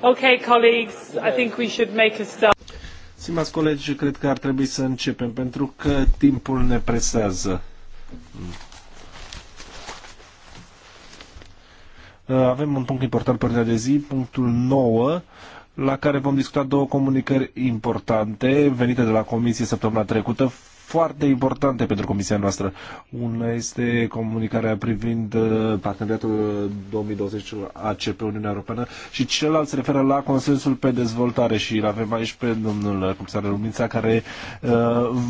Okay, colleagues, I think we should make a start. Stimați colegi, cred că ar trebui să începem, pentru că timpul ne presează. Mm. Uh, avem un punct important pe de zi, punctul 9, la care vom discuta două comunicări importante venite de la Comisie săptămâna trecută, foarte importante pentru comisia noastră. Una este comunicarea privind uh, parteneriatul 2020 uh, ACP Uniunea Europeană și celălalt se referă la consensul pe dezvoltare și îl avem aici pe domnul uh, comisarul Lumința care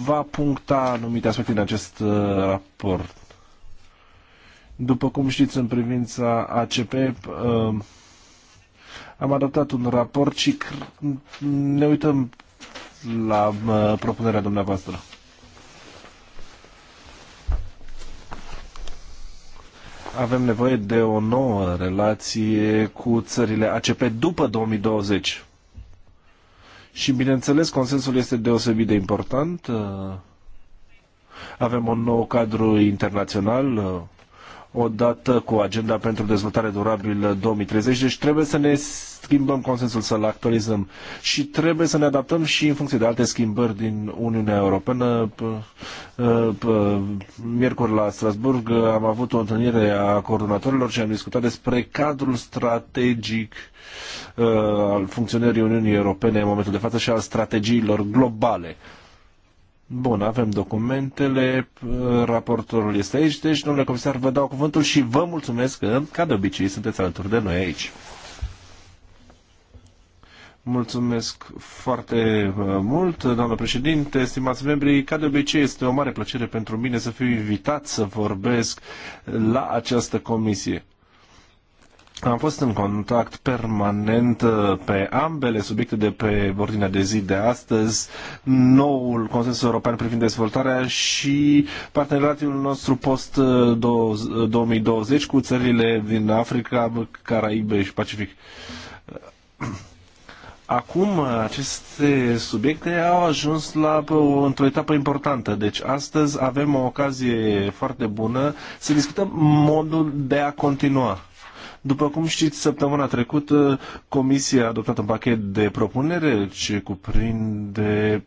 va puncta anumite aspecte din acest raport. După cum știți, în privința ACP, am adoptat un raport și ne uităm la propunerea dumneavoastră. avem nevoie de o nouă relație cu țările ACP după 2020. Și bineînțeles, consensul este deosebit de important. Avem un nou cadru internațional odată cu agenda pentru dezvoltare durabilă 2030, deci trebuie să ne schimbăm consensul, să-l actualizăm. Și trebuie să ne adaptăm și în funcție de alte schimbări din Uniunea Europeană. Uh, miercuri la Strasburg am avut o întâlnire a coordonatorilor și am discutat despre cadrul strategic uh, al funcționării Uniunii Europene în momentul de față și al strategiilor globale. Bun, avem documentele, uh, raportorul este aici, deci, domnule comisar, vă dau cuvântul și vă mulțumesc că, ca de obicei, sunteți alături de noi aici. Mulțumesc foarte uh, mult, doamnă președinte, stimați membri. Ca de obicei, este o mare plăcere pentru mine să fiu invitat să vorbesc la această comisie. Am fost în contact permanent uh, pe ambele subiecte de pe ordinea de zi de astăzi, noul consens european privind dezvoltarea și parteneriatul nostru post-2020 cu țările din Africa, Caraibe și Pacific Acum aceste subiecte au ajuns la într-o etapă importantă. Deci astăzi avem o ocazie foarte bună să discutăm modul de a continua după cum știți, săptămâna trecută Comisia a adoptat un pachet de propunere ce cuprinde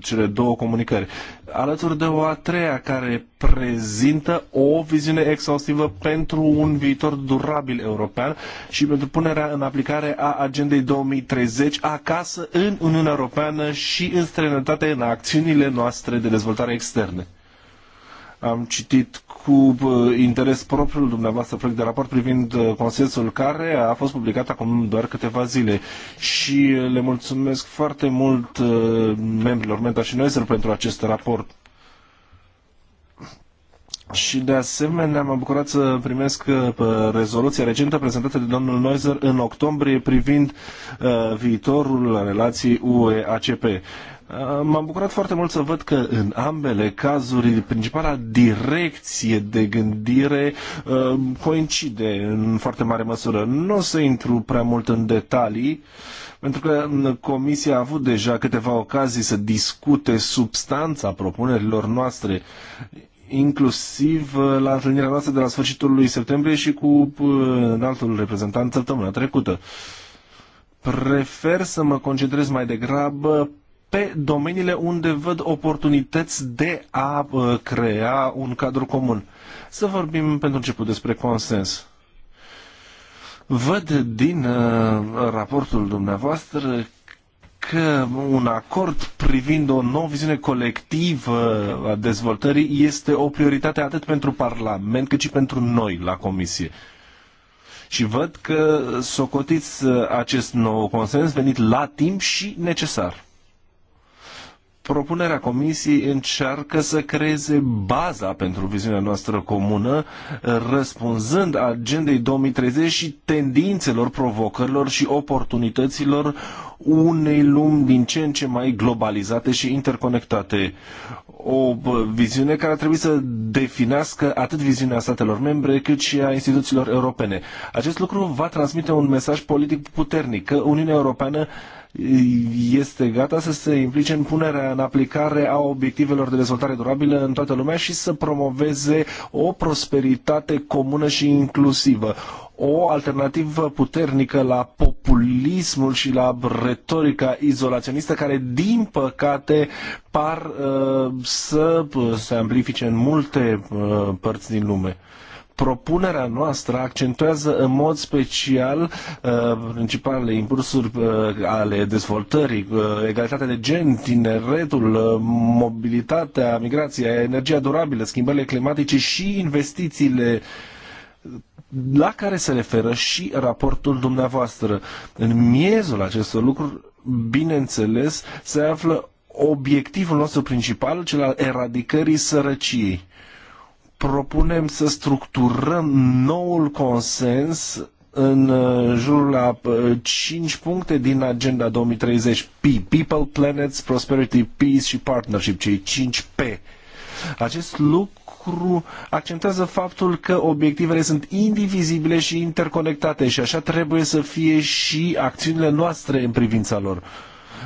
cele două comunicări, alături de o a treia care prezintă o viziune exhaustivă pentru un viitor durabil european și pentru punerea în aplicare a agendei 2030 acasă în Uniunea Europeană și în străinătate în acțiunile noastre de dezvoltare externe. Am citit cu uh, interes propriul dumneavoastră proiect de raport privind uh, consensul care a fost publicat acum doar câteva zile și uh, le mulțumesc foarte mult membrilor Menta și Noiser pentru acest raport și de asemenea m-am bucurat să primesc uh, rezoluția recentă prezentată de domnul Neuser în octombrie privind uh, viitorul relației UE-ACP. Uh, m-am bucurat foarte mult să văd că în ambele cazuri principala direcție de gândire coincide în foarte mare măsură. Nu o să intru prea mult în detalii, pentru că Comisia a avut deja câteva ocazii să discute substanța propunerilor noastre inclusiv uh, la întâlnirea noastră de la sfârșitul lui septembrie și cu uh, altul reprezentant săptămâna trecută. Prefer să mă concentrez mai degrabă pe domeniile unde văd oportunități de a uh, crea un cadru comun. Să vorbim pentru început despre consens. Văd din uh, raportul dumneavoastră că un acord privind o nouă viziune colectivă a dezvoltării este o prioritate atât pentru Parlament cât și pentru noi la Comisie. Și văd că socotiți acest nou consens venit la timp și necesar propunerea Comisiei încearcă să creeze baza pentru viziunea noastră comună, răspunzând agendei 2030 și tendințelor, provocărilor și oportunităților unei lumi din ce în ce mai globalizate și interconectate. O viziune care ar trebui să definească atât viziunea statelor membre cât și a instituțiilor europene. Acest lucru va transmite un mesaj politic puternic că Uniunea Europeană este gata să se implice în punerea în aplicare a obiectivelor de dezvoltare durabilă în toată lumea și să promoveze o prosperitate comună și inclusivă o alternativă puternică la populismul și la retorica izolaționistă care, din păcate, par uh, să uh, se amplifice în multe uh, părți din lume propunerea noastră accentuează în mod special uh, principalele impulsuri uh, ale dezvoltării, uh, egalitatea de gen, tineretul, mobilitatea, migrația, energia durabilă, schimbările climatice și investițiile la care se referă și raportul dumneavoastră. În miezul acestor lucruri, bineînțeles, se află obiectivul nostru principal, cel al eradicării sărăciei propunem să structurăm noul consens în uh, jurul la 5 uh, puncte din Agenda 2030 P, People, Planets, Prosperity, Peace și Partnership, cei 5 P. Acest lucru accentează faptul că obiectivele sunt indivizibile și interconectate și așa trebuie să fie și acțiunile noastre în privința lor. Uh,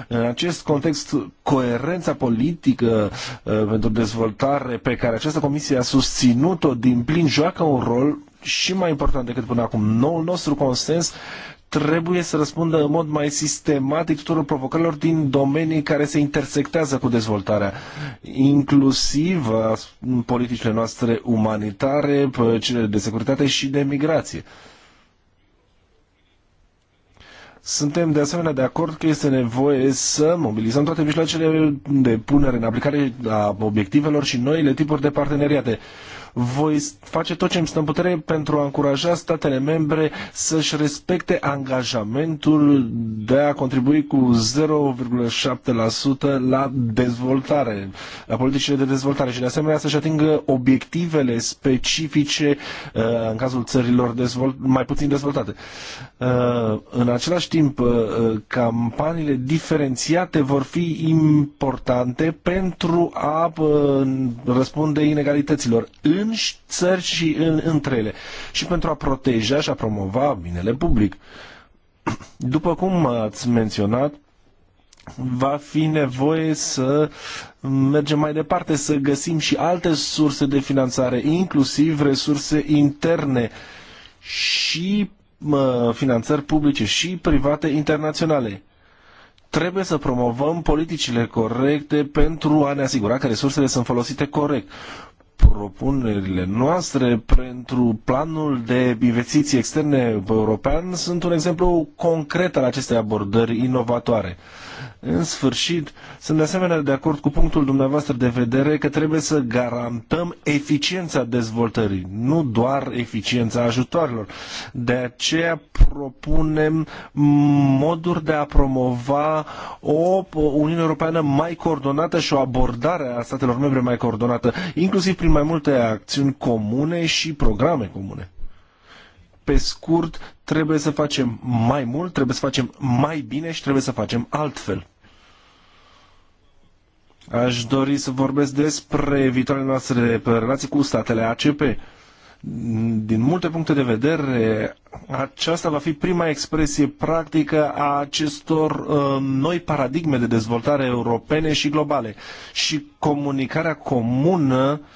în acest context, coerența politică uh, pentru dezvoltare pe care această comisie a susținut-o din plin joacă un rol și mai important decât până acum. Noul nostru consens trebuie să răspundă în mod mai sistematic tuturor provocărilor din domenii care se intersectează cu dezvoltarea, inclusiv uh, politicile noastre umanitare, cele de securitate și de migrație. Suntem de asemenea de acord că este nevoie să mobilizăm toate mijloacele de punere în aplicare a obiectivelor și noile tipuri de parteneriate. Voi face tot ce îmi stă în putere pentru a încuraja statele membre să-și respecte angajamentul de a contribui cu 0,7% la dezvoltare, la politicile de dezvoltare și de asemenea să-și atingă obiectivele specifice uh, în cazul țărilor mai puțin dezvoltate. Uh, în același timp, uh, uh, campaniile diferențiate vor fi importante pentru a uh, răspunde inegalităților în țări și în, între ele și pentru a proteja și a promova binele public. După cum ați menționat, va fi nevoie să mergem mai departe, să găsim și alte surse de finanțare, inclusiv resurse interne și finanțări publice și private internaționale. Trebuie să promovăm politicile corecte pentru a ne asigura că resursele sunt folosite corect propunerile noastre pentru planul de investiții externe european sunt un exemplu concret al acestei abordări inovatoare. În sfârșit, sunt de asemenea de acord cu punctul dumneavoastră de vedere că trebuie să garantăm eficiența dezvoltării, nu doar eficiența ajutoarelor. De aceea propunem moduri de a promova o Uniune Europeană mai coordonată și o abordare a statelor membre mai coordonată, inclusiv prin mai mai multe acțiuni comune și programe comune. Pe scurt, trebuie să facem mai mult, trebuie să facem mai bine și trebuie să facem altfel. Aș dori să vorbesc despre viitoarele noastre relații cu statele ACP. Din multe puncte de vedere, aceasta va fi prima expresie practică a acestor uh, noi paradigme de dezvoltare europene și globale. Și comunicarea comună uh,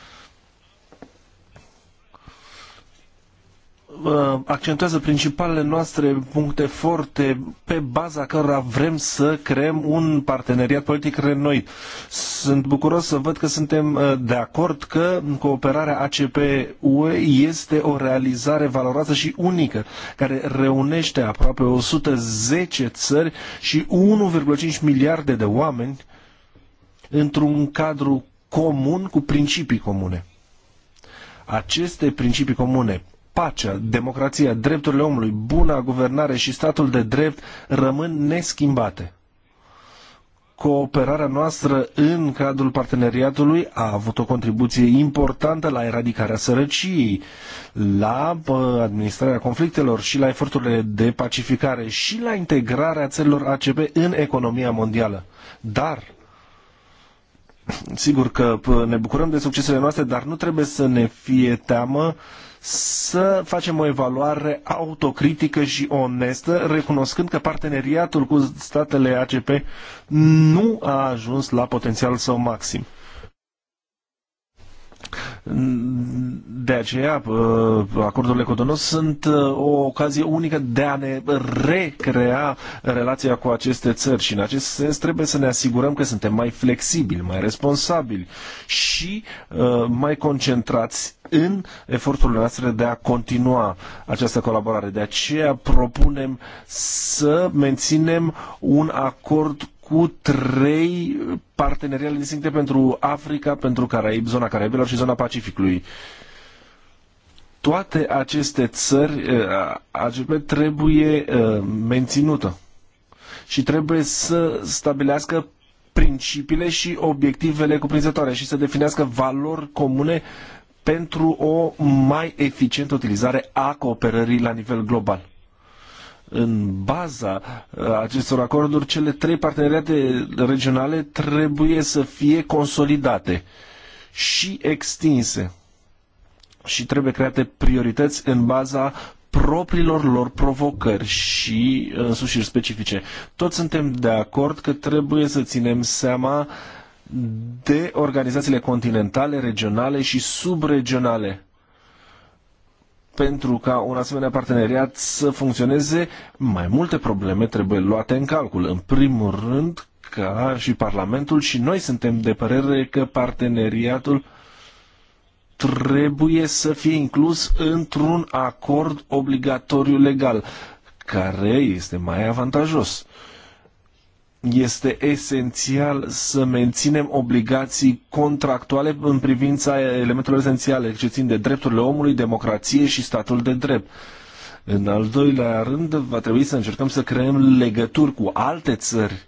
accentuează principalele noastre puncte forte pe baza cărora vrem să creăm un parteneriat politic renoit. Sunt bucuros să văd că suntem uh, de acord că cooperarea ACP-UE este o realizare valoroasă și unică, care reunește aproape 110 țări și 1,5 miliarde de oameni într-un cadru comun cu principii comune. Aceste principii comune pacea, democrația, drepturile omului, buna guvernare și statul de drept rămân neschimbate. Cooperarea noastră în cadrul parteneriatului a avut o contribuție importantă la eradicarea sărăciei, la uh, administrarea conflictelor și la eforturile de pacificare și la integrarea țărilor ACP în economia mondială. Dar Sigur că uh, ne bucurăm de succesele noastre, dar nu trebuie să ne fie teamă să facem o evaluare autocritică și onestă, recunoscând că parteneriatul cu statele ACP nu a ajuns la potențialul său maxim. De aceea, uh, acordurile cu Donus sunt uh, o ocazie unică de a ne recrea relația cu aceste țări și în acest sens trebuie să ne asigurăm că suntem mai flexibili, mai responsabili și uh, mai concentrați în eforturile noastre de a continua această colaborare. De aceea propunem să menținem un acord cu trei parteneriale distincte pentru Africa, pentru Caraib, zona Caraibilor și zona Pacificului. Toate aceste țări, eh, AGP trebuie eh, menținută și trebuie să stabilească principiile și obiectivele cuprinzătoare și să definească valori comune pentru o mai eficientă utilizare a cooperării la nivel global în baza uh, acestor acorduri, cele trei parteneriate regionale trebuie să fie consolidate și extinse și trebuie create priorități în baza propriilor lor provocări și uh, însușiri specifice. Toți suntem de acord că trebuie să ținem seama de organizațiile continentale, regionale și subregionale pentru ca un asemenea parteneriat să funcționeze, mai multe probleme trebuie luate în calcul. În primul rând, ca și Parlamentul și noi suntem de părere că parteneriatul trebuie să fie inclus într-un acord obligatoriu legal, care este mai avantajos. Uh, este esențial să menținem obligații contractuale în privința elementelor esențiale ce țin de drepturile omului, democrație și statul de drept. În al doilea rând, va trebui să încercăm să creăm legături cu alte țări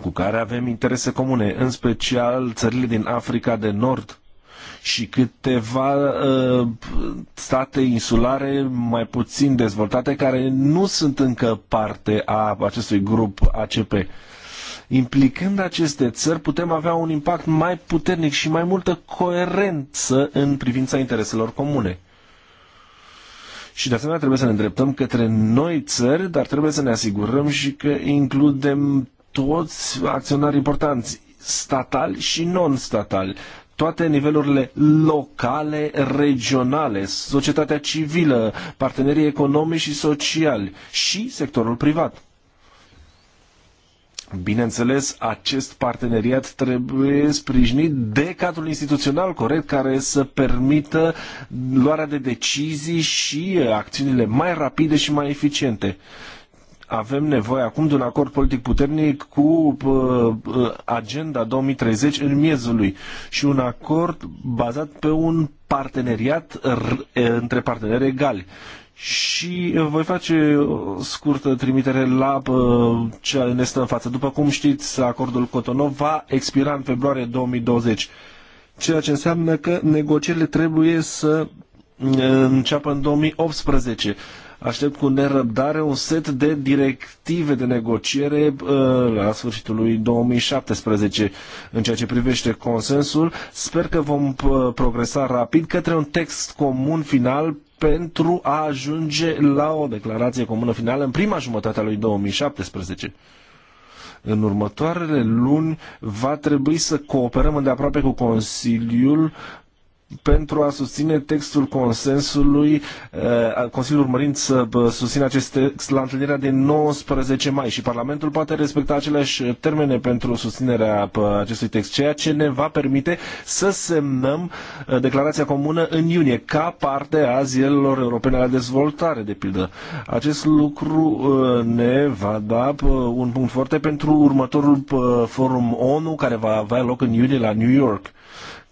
cu care avem interese comune, în special țările din Africa de Nord, și câteva uh, state insulare mai puțin dezvoltate care nu sunt încă parte a acestui grup ACP. Implicând aceste țări, putem avea un impact mai puternic și mai multă coerență în privința intereselor comune. Și de asemenea trebuie să ne îndreptăm către noi țări, dar trebuie să ne asigurăm și că includem toți acționari importanți, statali și non-statali toate nivelurile locale, regionale, societatea civilă, partenerii economici și sociali și sectorul privat. Bineînțeles, acest parteneriat trebuie sprijinit de cadrul instituțional corect care să permită luarea de decizii și acțiunile mai rapide și mai eficiente avem nevoie acum de un acord politic puternic cu uh, uh, agenda 2030 în miezul lui și un acord bazat pe un parteneriat între parteneri egali. Și voi face o scurtă trimitere la uh, ce ne stă în față. După cum știți, acordul Cotonou va expira în februarie 2020, ceea ce înseamnă că negocierile trebuie să înceapă în 2018. Aștept cu nerăbdare un set de directive de negociere uh, la sfârșitul lui 2017 în ceea ce privește consensul. Sper că vom uh, progresa rapid către un text comun final pentru a ajunge la o declarație comună finală în prima jumătate a lui 2017 în următoarele luni va trebui să cooperăm îndeaproape cu Consiliul pentru a susține textul consensului, eh, Consiliul urmărind să susțină acest text la întâlnirea de 19 mai și Parlamentul poate respecta aceleași termene pentru susținerea acestui text, ceea ce ne va permite să semnăm eh, declarația comună în iunie, ca parte a zilelor europene la dezvoltare, de pildă. Acest lucru eh, ne va da un punct foarte pentru următorul forum ONU care va avea loc în iunie la New York.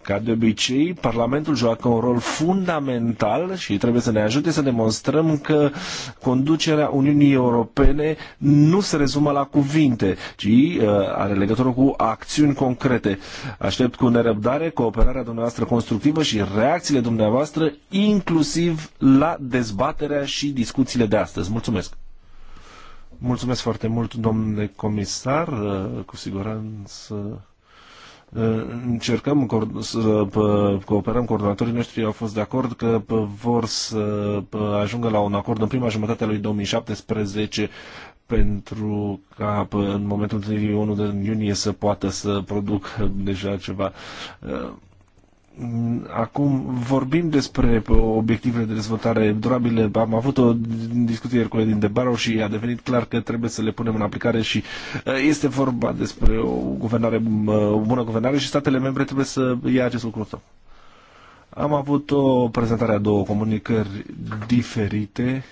Ca de obicei, Parlamentul joacă un rol fundamental și trebuie să ne ajute să demonstrăm că conducerea Uniunii Europene nu se rezumă la cuvinte, ci uh, are legătură cu acțiuni concrete. Aștept cu nerăbdare cooperarea dumneavoastră constructivă și reacțiile dumneavoastră, inclusiv la dezbaterea și discuțiile de astăzi. Mulțumesc! Mulțumesc foarte mult, domnule comisar. Uh, cu siguranță încercăm să cooperăm, coordonatorii noștri au fost de acord că vor să ajungă la un acord în prima jumătate a lui 2017 pentru ca în momentul 1 de iunie să poată să produc deja ceva. Acum vorbim despre obiectivele de dezvoltare durabile. Am avut o discuție ieri din Debarau și a devenit clar că trebuie să le punem în aplicare și uh, este vorba despre o, guvernare, uh, o bună guvernare și statele membre trebuie să ia acest lucru. Am avut o prezentare a două comunicări diferite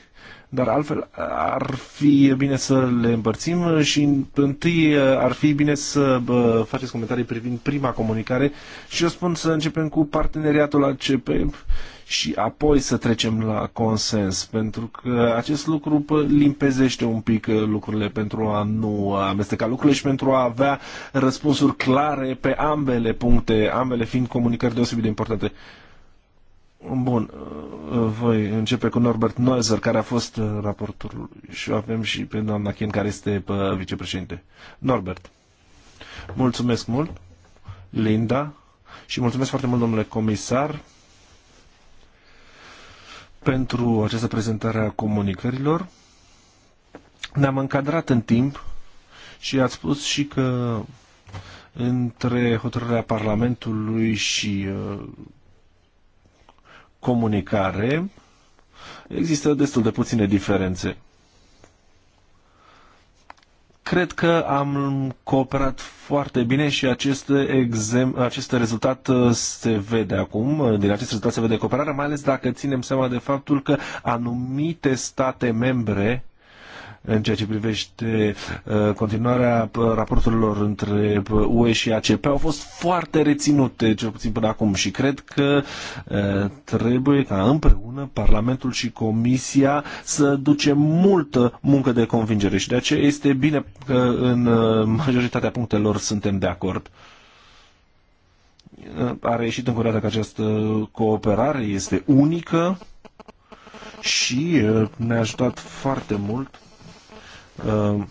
dar altfel ar fi bine să le împărțim și întâi uh, ar fi bine să faceți comentarii privind prima comunicare și eu spun să începem cu parteneriatul ACP și apoi să trecem la consens, pentru că acest lucru limpezește un pic uh, lucrurile pentru a nu amesteca lucrurile și pentru a avea răspunsuri clare pe ambele puncte, ambele fiind comunicări deosebit de importante. Bun, uh, voi începe cu Norbert Neuser, care a fost uh, raportorul și avem și pe doamna Chin, care este uh, vicepreședinte. Norbert, mulțumesc mult, Linda, și mulțumesc foarte mult, domnule comisar, pentru această prezentare a comunicărilor. Ne-am încadrat în timp și ați spus și că între hotărârea Parlamentului și comunicare există destul de puține diferențe. Cred că am cooperat foarte bine și acest, exem- acest rezultat uh, se vede acum, uh, din acest rezultat se vede cooperarea, mai ales dacă ținem seama de faptul că anumite state membre în ceea ce privește uh, continuarea uh, raporturilor între UE uh, și ACP au fost foarte reținute, cel puțin până acum, și cred că trebuie ca împreună Parlamentul și Comisia să duce multă muncă de convingere și de aceea este bine că în majoritatea punctelor suntem de acord a reieșit încă o dată că această cooperare este unică și ne-a ajutat foarte mult Ehm,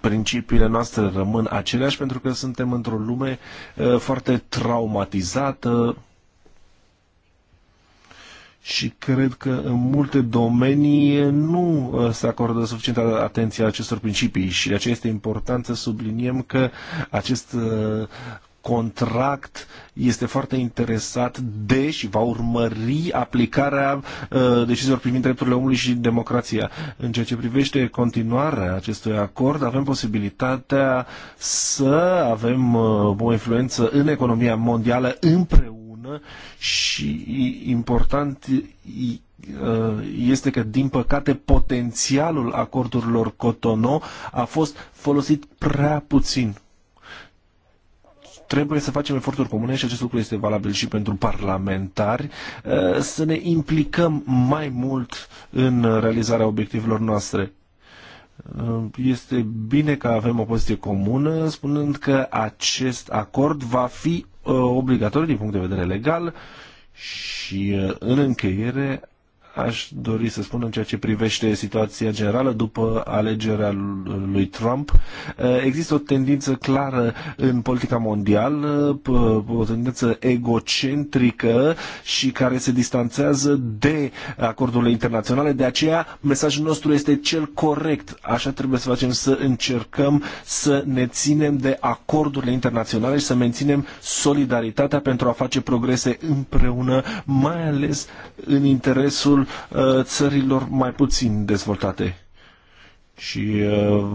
principiile noastre rămân aceleași pentru că suntem într-o lume foarte traumatizată și cred că în multe domenii nu se acordă suficientă atenție acestor principii și de aceea este important să subliniem că acest contract este foarte interesat de și va urmări aplicarea uh, deciziilor privind drepturile omului și democrația. În ceea ce privește continuarea acestui acord, avem posibilitatea să avem uh, o influență în economia mondială împreună și important uh, este că, din păcate, potențialul acordurilor Cotonou a fost folosit prea puțin trebuie să facem eforturi comune și acest lucru este valabil și pentru parlamentari, eh, să ne implicăm mai mult în realizarea obiectivelor noastre. Eh, este bine că avem o poziție comună, spunând că acest acord va fi eh, obligatoriu din punct de vedere legal și în încheiere aș dori să spun în ceea ce privește situația generală după alegerea lui Trump. Eh, există o tendință clară în politica mondială, eh, o tendință egocentrică și care se distanțează de acordurile internaționale. De aceea, mesajul nostru este cel corect. Așa trebuie să facem, să încercăm să ne ținem de acordurile internaționale și să menținem solidaritatea pentru a face progrese împreună, mai ales în interesul Uh, țărilor mai puțin dezvoltate. Și uh,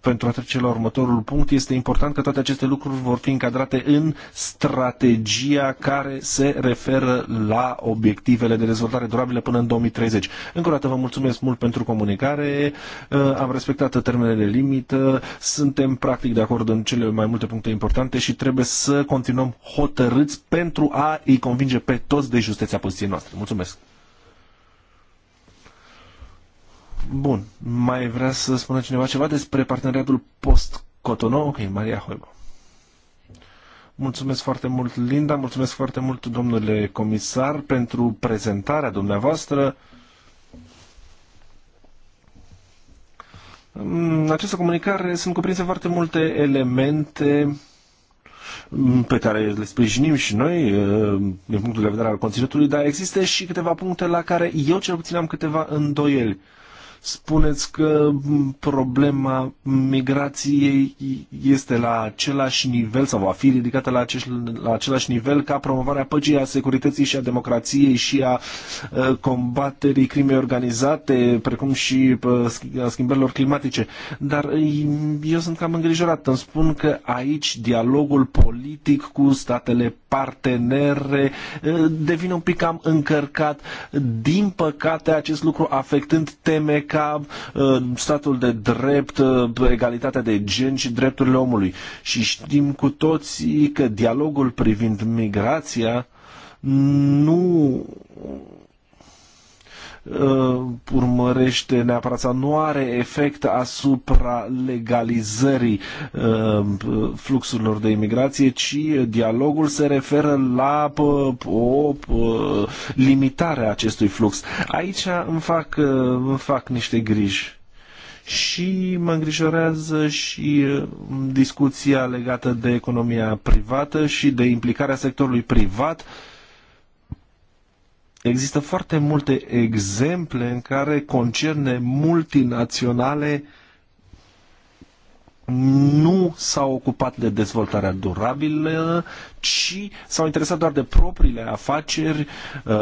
pentru a trece la următorul punct, este important că toate aceste lucruri vor fi încadrate în strategia care se referă la obiectivele de dezvoltare durabilă până în 2030. Încă o dată vă mulțumesc mult pentru comunicare, uh, am respectat termenele limită, suntem practic de acord în cele mai multe puncte importante și trebuie să continuăm hotărâți pentru a îi convinge pe toți de justeția poziției noastre. Mulțumesc! Bun. Mai vrea să spună cineva ceva despre parteneriatul post-Cotonou? Ok, Maria Hoibo. Mulțumesc foarte mult, Linda, mulțumesc foarte mult, domnule comisar, pentru prezentarea dumneavoastră. În această comunicare sunt cuprinse foarte multe elemente pe care le sprijinim și noi uh, din punctul de vedere al conținutului, dar există și câteva puncte la care eu cel puțin am câteva îndoieli spuneți că problema migrației este la același nivel sau va fi ridicată la, acești, la același nivel ca promovarea păcii, a securității și a democrației și a ă, combaterii crimei organizate, precum și a schimbărilor climatice. Dar ă, eu sunt cam îngrijorat. Îmi spun că aici dialogul politic cu statele partenere ă, devine un pic cam încărcat. Din păcate, acest lucru afectând teme aplica uh, statul de drept, uh, egalitatea de gen și drepturile omului. Și știm cu toții că dialogul privind migrația nu uh, urmărește neapărat sau nu are efect asupra legalizării uh, fluxurilor de imigrație, ci dialogul se referă la pă, uh, o pă, uh, limitare a acestui flux. Aici îmi fac, uh, îmi fac niște griji și mă îngrijorează și uh, discuția legată de economia privată și de implicarea sectorului privat uh, Există foarte multe exemple în care concerne multinaționale nu s-au ocupat de dezvoltarea durabilă, ci s-au interesat doar de propriile afaceri, uh,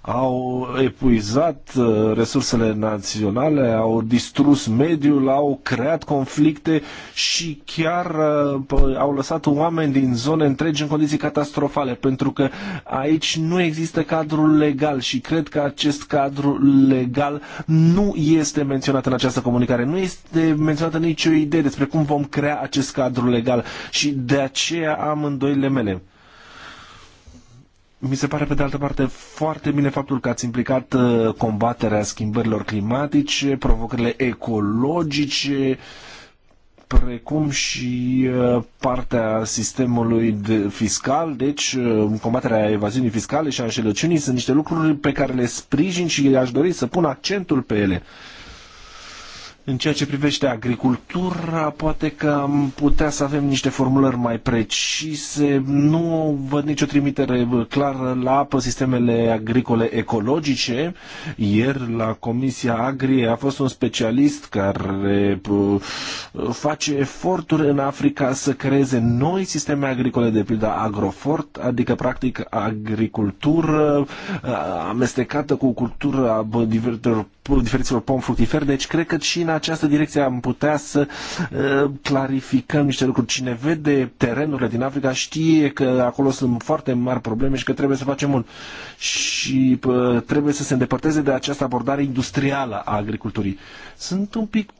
au epuizat uh, resursele naționale, au distrus mediul, au creat conflicte și chiar uh, au lăsat oameni din zone întregi în condiții catastrofale, pentru că aici nu există cadrul legal și cred că acest cadru legal nu este menționat în această comunicare. Nu este menționată nicio idee despre cum vom crea acest cadru legal și de aceea am îndoile mele mi se pare pe de altă parte foarte bine faptul că ați implicat uh, combaterea schimbărilor climatice, provocările ecologice, precum și uh, partea sistemului de fiscal, deci uh, combaterea evaziunii fiscale și a înșelăciunii sunt niște lucruri pe care le sprijin și aș dori să pun accentul pe ele. Uh, în ceea ce privește agricultura, poate că am putea să avem niște formulări mai precise. Nu văd nicio trimitere clară la apă, sistemele agricole ecologice. Ieri la Comisia Agri a fost un specialist care uh, face eforturi în Africa să creeze noi sisteme agricole, de pildă agrofort, adică practic agricultură uh, amestecată cu cultura diverselor diferiților pom fructifer, deci cred că și în această direcție am putea să uh, clarificăm niște lucruri. Cine vede terenurile din Africa știe că acolo sunt foarte mari probleme și că trebuie să facem mult. Și uh, trebuie să se îndepărteze de această abordare industrială a agriculturii. Sunt un pic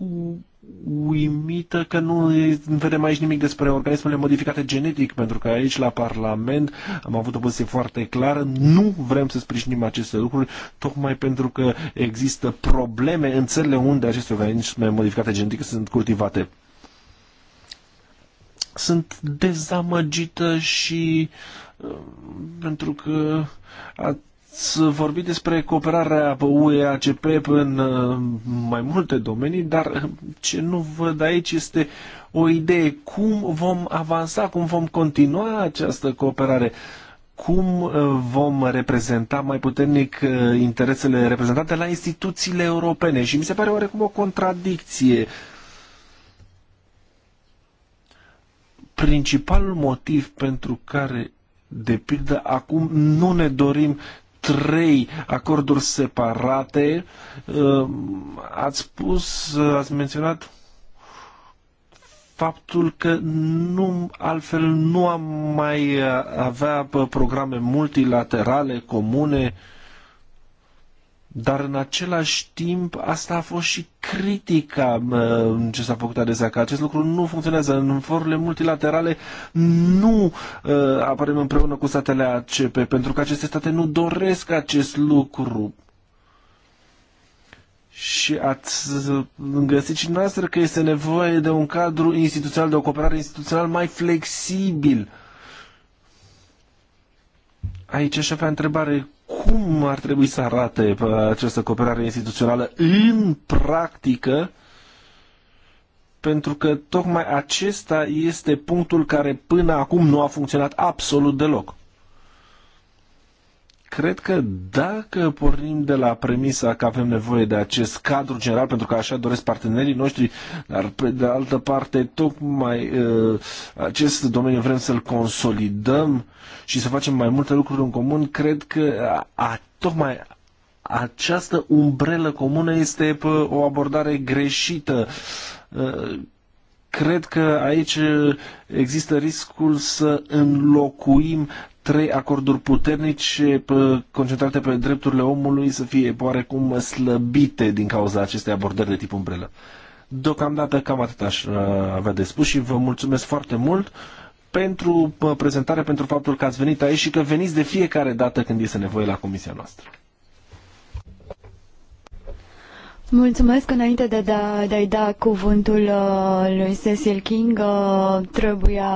uimită că nu vedem aici nimic despre organismele modificate genetic, pentru că aici la Parlament am avut o poziție foarte clară, nu vrem să sprijinim aceste lucruri, tocmai pentru că există probleme în țările unde aceste organisme modificate genetic sunt cultivate. Sunt dezamăgită și uh, pentru că Ați vorbit despre cooperarea UE-ACP în uh, mai multe domenii, dar uh, ce nu văd aici este o idee. Cum vom avansa, cum vom continua această cooperare? Cum uh, vom reprezenta mai puternic interesele reprezentate la instituțiile europene? Și mi se pare oarecum o contradicție. Principalul motiv pentru care de pildă, acum nu ne dorim trei acorduri separate. Ehm, ați spus, ați menționat faptul că nu, altfel nu am mai eh, avea programe multilaterale, comune, uh, dar în același timp asta a fost și critica ce s-a făcut adesea, că acest lucru nu funcționează. În forurile multilaterale nu uh, ă, apărăm împreună cu statele ACP, pentru că aceste state nu doresc acest lucru. Și ați găsit și noastră că este nevoie de un cadru instituțional, de o cooperare instituțională mai flexibil. Aici aș avea întrebare cum ar trebui să arate uh, această cooperare instituțională în practică, pentru că tocmai acesta este punctul care până acum nu a funcționat absolut deloc. Cred că dacă pornim de la premisa că avem nevoie de acest cadru general, pentru că așa doresc partenerii noștri, dar pe de altă parte, tocmai uh, acest domeniu vrem să-l consolidăm și să facem mai multe lucruri în comun, cred că a, tocmai această umbrelă comună este o abordare greșită uh, cred că aici există riscul să înlocuim trei acorduri puternice concentrate pe drepturile omului să fie oarecum slăbite din cauza acestei abordări de tip umbrelă. Deocamdată cam atât aș uh, avea de spus și vă mulțumesc foarte mult pentru uh, prezentare, pentru faptul că ați venit aici și că veniți de fiecare dată când este nevoie la comisia noastră. Mulțumesc. Înainte de, da, de a-i da cuvântul uh, lui Cecil King, uh, trebuia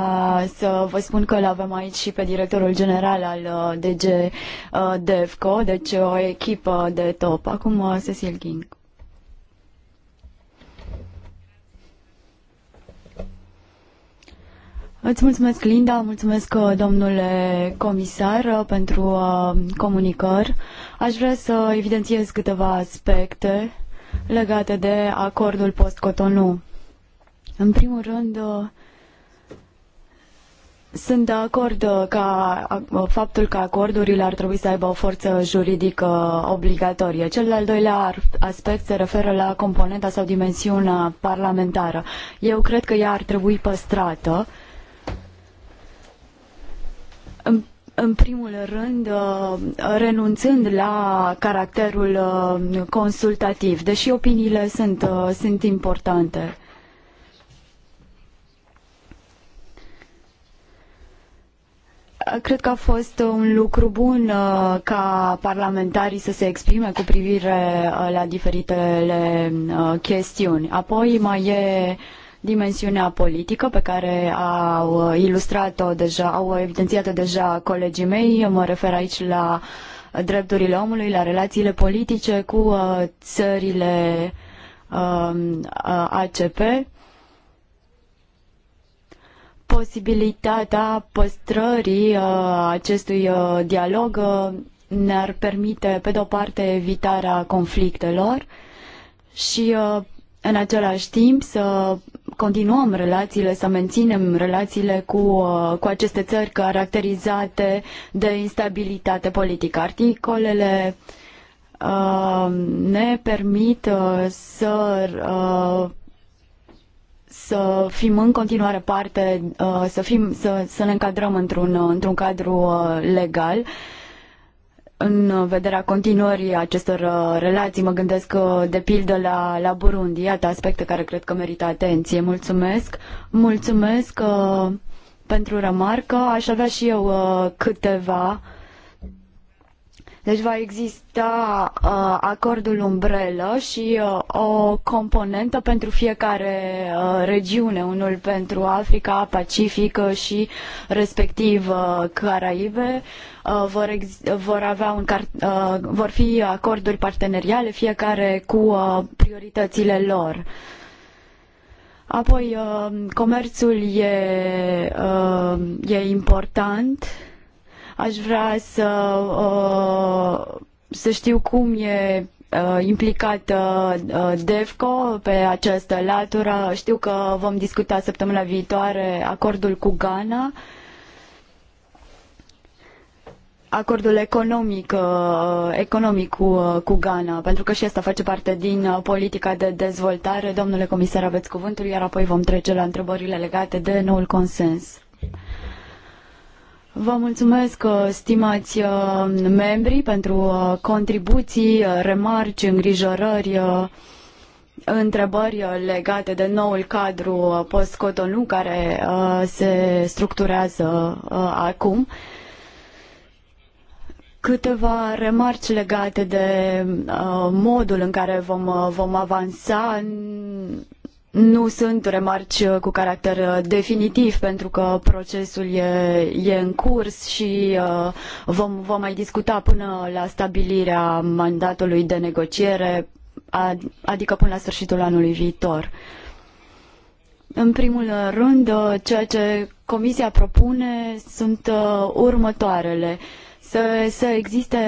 să vă spun că îl avem aici și pe directorul general al uh, DG uh, DEFCO, deci o echipă de top. Acum uh, Cecil King. Îți mulțumesc, Linda, mulțumesc, uh, domnule comisar, uh, pentru uh, comunicări. Aș vrea să evidențiez câteva aspecte legate de acordul post-Cotonou. În primul rând, uh, sunt de acord uh, ca uh, faptul că acordurile ar trebui să aibă o forță juridică obligatorie. Cel de-al doilea aspect se referă la componenta sau dimensiunea parlamentară. Eu cred că ea ar trebui păstrată în primul rând, uh, renunțând la caracterul uh, consultativ, deși opiniile sunt, uh, sunt importante. Cred că a fost un lucru bun ca parlamentarii să se exprime cu privire la diferitele chestiuni. Apoi mai e dimensiunea politică pe care au ilustrat-o deja, au evidențiat-o deja colegii mei. Mă refer aici la drepturile omului, la relațiile politice cu uh, țările um, uh, ACP posibilitatea păstrării uh, acestui dialog ne-ar permite, pe de-o parte, evitarea conflictelor și, în același timp, să continuăm relațiile, să menținem relațiile cu, uh, cu aceste țări caracterizate de instabilitate politică. Articolele uh, ne permit uh, să să fim în continuare parte, să, fim, să, să ne încadrăm într-un, într-un cadru legal în vederea continuării acestor uh, relații. Mă gândesc uh, de pildă la, la Burundi, iată aspecte care cred că merită atenție. Mulțumesc! Mulțumesc uh, pentru remarcă. Aș avea și eu uh, câteva uh, deci va exista uh, acordul umbrelă și uh, o componentă pentru fiecare uh, regiune, unul pentru Africa, Pacifică și respectiv uh, Caraibe. Uh, vor, ex- vor avea un car- uh, vor fi acorduri parteneriale, fiecare cu uh, prioritățile lor. Apoi, uh, comerțul e, uh, e important. Uh, Aș vrea să, uh, să știu cum e uh, implicată uh, DEFCO pe această latură. Știu că vom discuta săptămâna viitoare acordul cu Ghana acordul economic, economic cu, cu Ghana, pentru că și asta face parte din politica de dezvoltare. Domnule comisar, aveți cuvântul, iar apoi vom trece la întrebările legate de noul consens. Vă mulțumesc, uh, stimați uh, membri, pentru uh, contribuții, remarci, îngrijorări, întrebări legate de noul cadru post-Cotonou care se structurează acum. Câteva remarci legate de modul în care vom, vom avansa. În nu sunt remarci uh, cu caracter uh, definitiv pentru că procesul e, e în curs și uh, vom, vom mai discuta până la stabilirea mandatului de negociere, adică până la sfârșitul anului viitor. În primul rând, ceea ce Comisia propune sunt următoarele. Să, să existe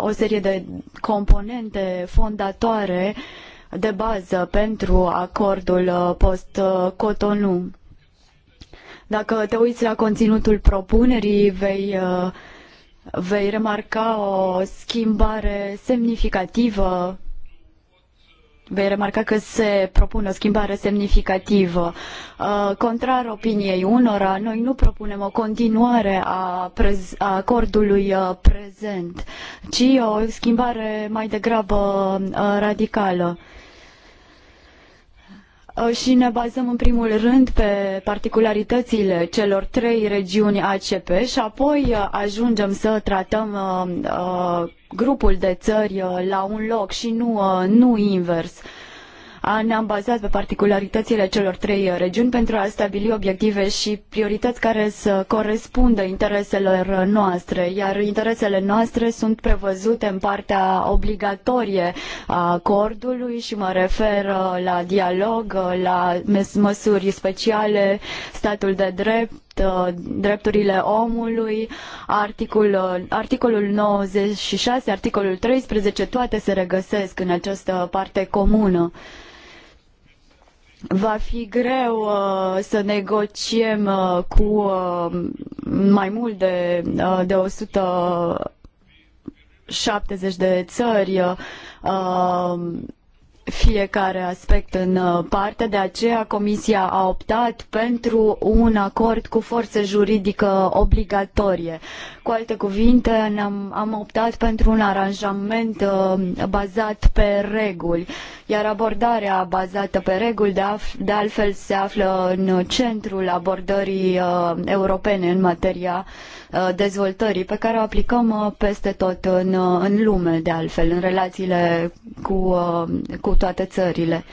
o serie de componente fondatoare uh, de bază pentru acordul uh, post-Cotonou. Dacă te uiți la conținutul propunerii, vei, uh, vei remarca o schimbare semnificativă vei remarca că se propune o schimbare semnificativă. Uh, contrar opiniei unora, noi nu propunem o continuare a, a acordului prezent, ci o schimbare mai degrabă radicală. Uh, și ne bazăm în primul rând pe particularitățile celor trei regiuni ACP și apoi uh, ajungem să tratăm uh, grupul de țări la un loc și nu, nu invers ne-am bazat pe particularitățile celor trei uh, regiuni pentru a stabili obiective și priorități care să corespundă intereselor uh, noastre, iar interesele noastre sunt prevăzute în partea obligatorie a acordului și mă refer uh, la dialog, la măsuri speciale, statul de drept, drepturile omului, articol, articolul 96, articolul 13, toate se regăsesc în această parte comună va fi greu uh, să negociem uh, cu uh, mai mult de, uh, de 170 de țări fiecare aspect în uh, parte, de aceea Comisia a optat pentru un acord cu forță juridică obligatorie. Cu alte cuvinte, am am optat pentru un aranjament uh, bazat pe reguli, iar abordarea bazată pe reguli, de, de altfel, se află în centrul abordării uh, europene în materia uh, Uh, dezvoltării pe care o aplicăm uh, peste tot în, uh, în lume, de altfel, în relațiile cu, cu toate țările.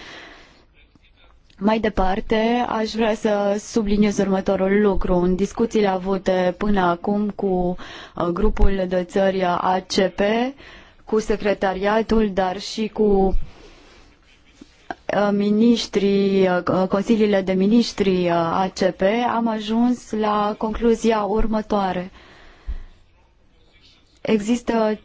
Mai departe, aș vrea să subliniez următorul lucru. În discuțiile avute până acum cu grupul de țări ACP, cu secretariatul, dar și cu Uh, miniștrii, uh, uh, consiliile de miniștri ACP, am ajuns la concluzia următoare. Există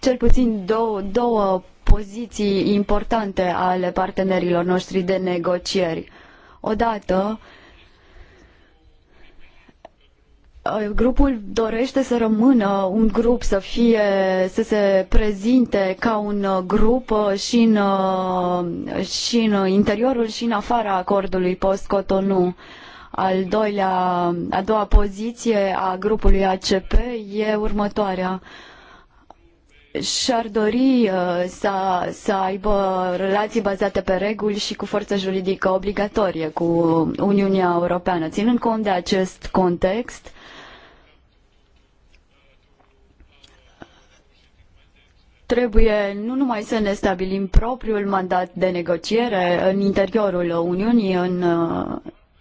cel puțin două, două poziții importante ale partenerilor noștri de negocieri. Odată, dată. Uh, grupul dorește să rămână un grup, să fie, să se prezinte ca un uh, grup uh, și în, și în interiorul și în afara acordului post-Cotonou. Al doilea, a doua poziție a grupului ACP e următoarea și-ar dori să, să aibă relații bazate pe reguli și cu forță juridică obligatorie cu Uniunea Europeană. Ținând cont de acest context, Trebuie nu numai să ne stabilim propriul mandat de negociere în interiorul Uniunii, în,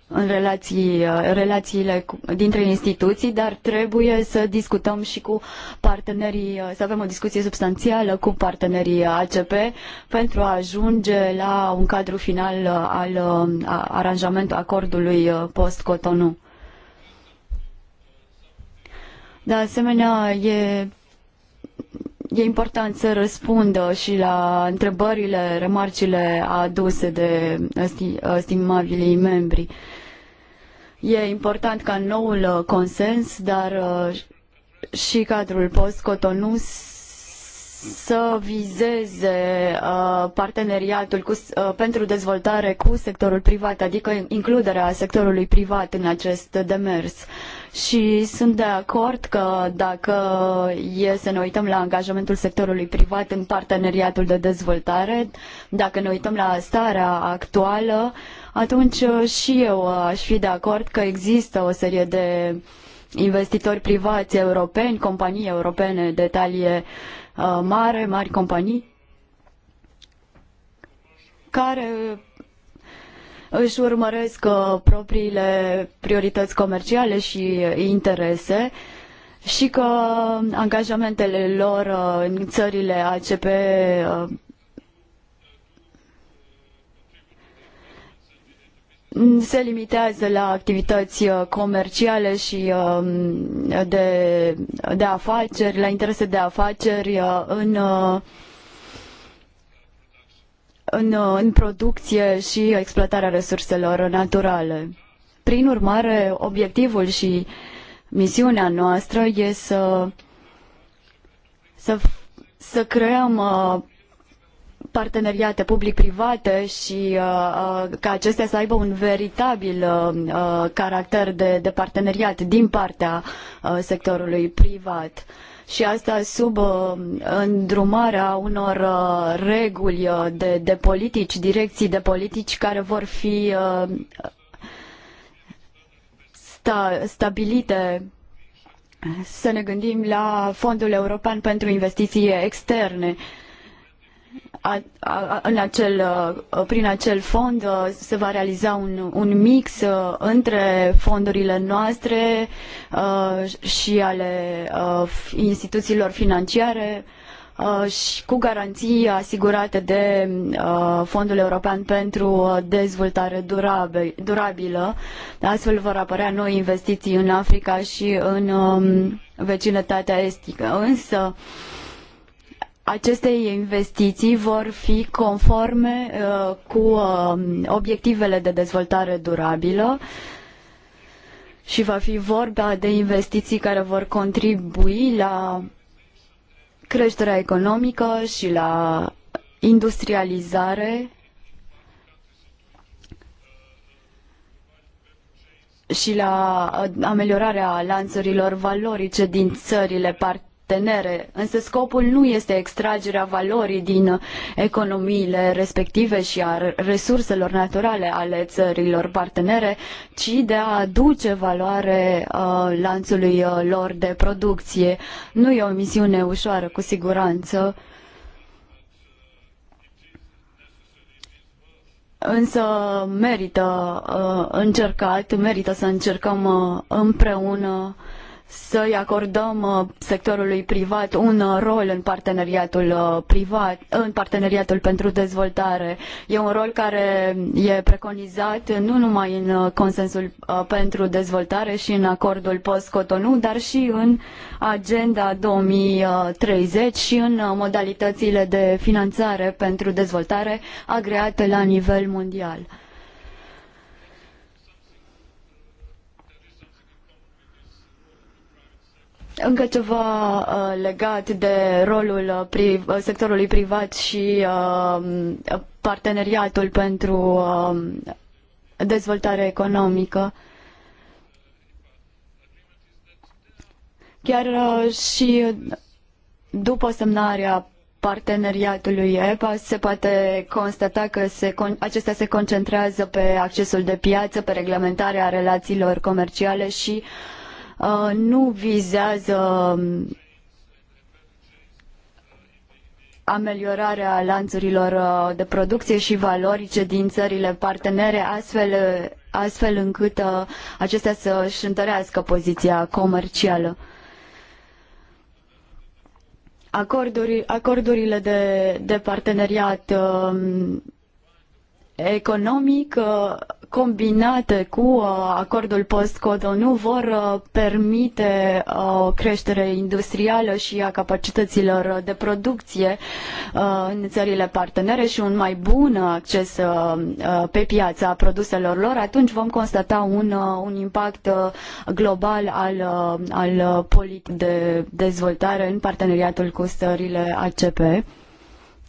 în relații, relațiile cu, dintre instituții, dar trebuie să discutăm și cu partenerii, să avem o discuție substanțială cu partenerii ACP pentru a ajunge la un cadru final al aranjamentului acordului post-Cotonou. De asemenea, e e important să răspundă și la întrebările, remarcile aduse de uh, uh, stimabilii membri. E important ca noul uh, consens, dar și cadrul post-Cotonou să vizeze parteneriatul cu, pentru dezvoltare cu sectorul privat, adică includerea sectorului privat în acest demers. Uh, și sunt de acord că dacă e să ne uităm la angajamentul sectorului privat în parteneriatul de dezvoltare, dacă ne uităm la starea actuală, atunci uh, și eu uh, aș fi de acord că există o serie de investitori privați europeni, companii europene de talie uh, mare, mari companii, care își urmăresc uh, propriile priorități comerciale și interese și că angajamentele lor uh, în țările ACP uh, se limitează la activități comerciale și um, de, de afaceri, la interese de afaceri în în, în producție și exploatarea resurselor naturale. Prin urmare, obiectivul și misiunea noastră este să, să, să creăm uh, parteneriate public-private și uh, uh, ca acestea să aibă un veritabil caracter de, de parteneriat din partea sectorului privat. Uh, și asta sub uh, îndrumarea unor uh, reguli uh, de, de politici, direcții de politici care vor fi sta, stabilite să ne gândim la Fondul European pentru Investiții Externe. Uh, a, a, în acel, uh, prin acel fond uh, se va realiza un, un mix uh, între fondurile noastre și ale instituțiilor financiare și cu garanții asigurate de Fondul European pentru Dezvoltare Durabilă. Astfel vor apărea noi investiții în Africa și în um, vecinătatea estică. Însă, aceste investiții vor fi conforme uh, cu uh, obiectivele de dezvoltare durabilă și va fi vorba de investiții care vor contribui la creșterea economică și la industrializare și la uh, ameliorarea lanțurilor valorice din țările part tenere, însă scopul nu este extragerea valorii din economiile respective și a resurselor naturale ale țărilor partenere, ci de a aduce valoare uh, lanțului uh, lor de producție. Nu e o misiune ușoară, cu siguranță. însă merită uh, încercat, merită să încercăm uh, împreună uh, să-i acordăm uh, sectorului privat un uh, rol în parteneriatul uh, privat, în parteneriatul pentru dezvoltare. E un rol care e preconizat nu numai în consensul pentru dezvoltare și în acordul post-Cotonou, dar și în agenda 2030 și în modalitățile de finanțare pentru dezvoltare agreate la nivel mondial. Încă ceva uh, legat de rolul uh, pri uh, sectorului privat și uh, parteneriatul pentru uh, dezvoltare economică. Chiar uh, și după semnarea parteneriatului EPA se poate constata că se, acesta se concentrează pe accesul de piață, pe reglementarea relațiilor comerciale și uh, Uh, nu vizează um, ameliorarea lanțurilor uh, de producție și valorice din țările partenere, astfel, uh, astfel încât acestea să își întărească poziția comercială. Acorduri, acordurile de, de parteneriat um, economic uh, combinate cu uh, acordul post-Cotonou uh, vor permite o creștere industrială și a capacităților de producție în țările partenere și un mai bun acces pe piața produselor lor, atunci vom constata un, un impact global al, al politic de dezvoltare în parteneriatul cu țările ACP.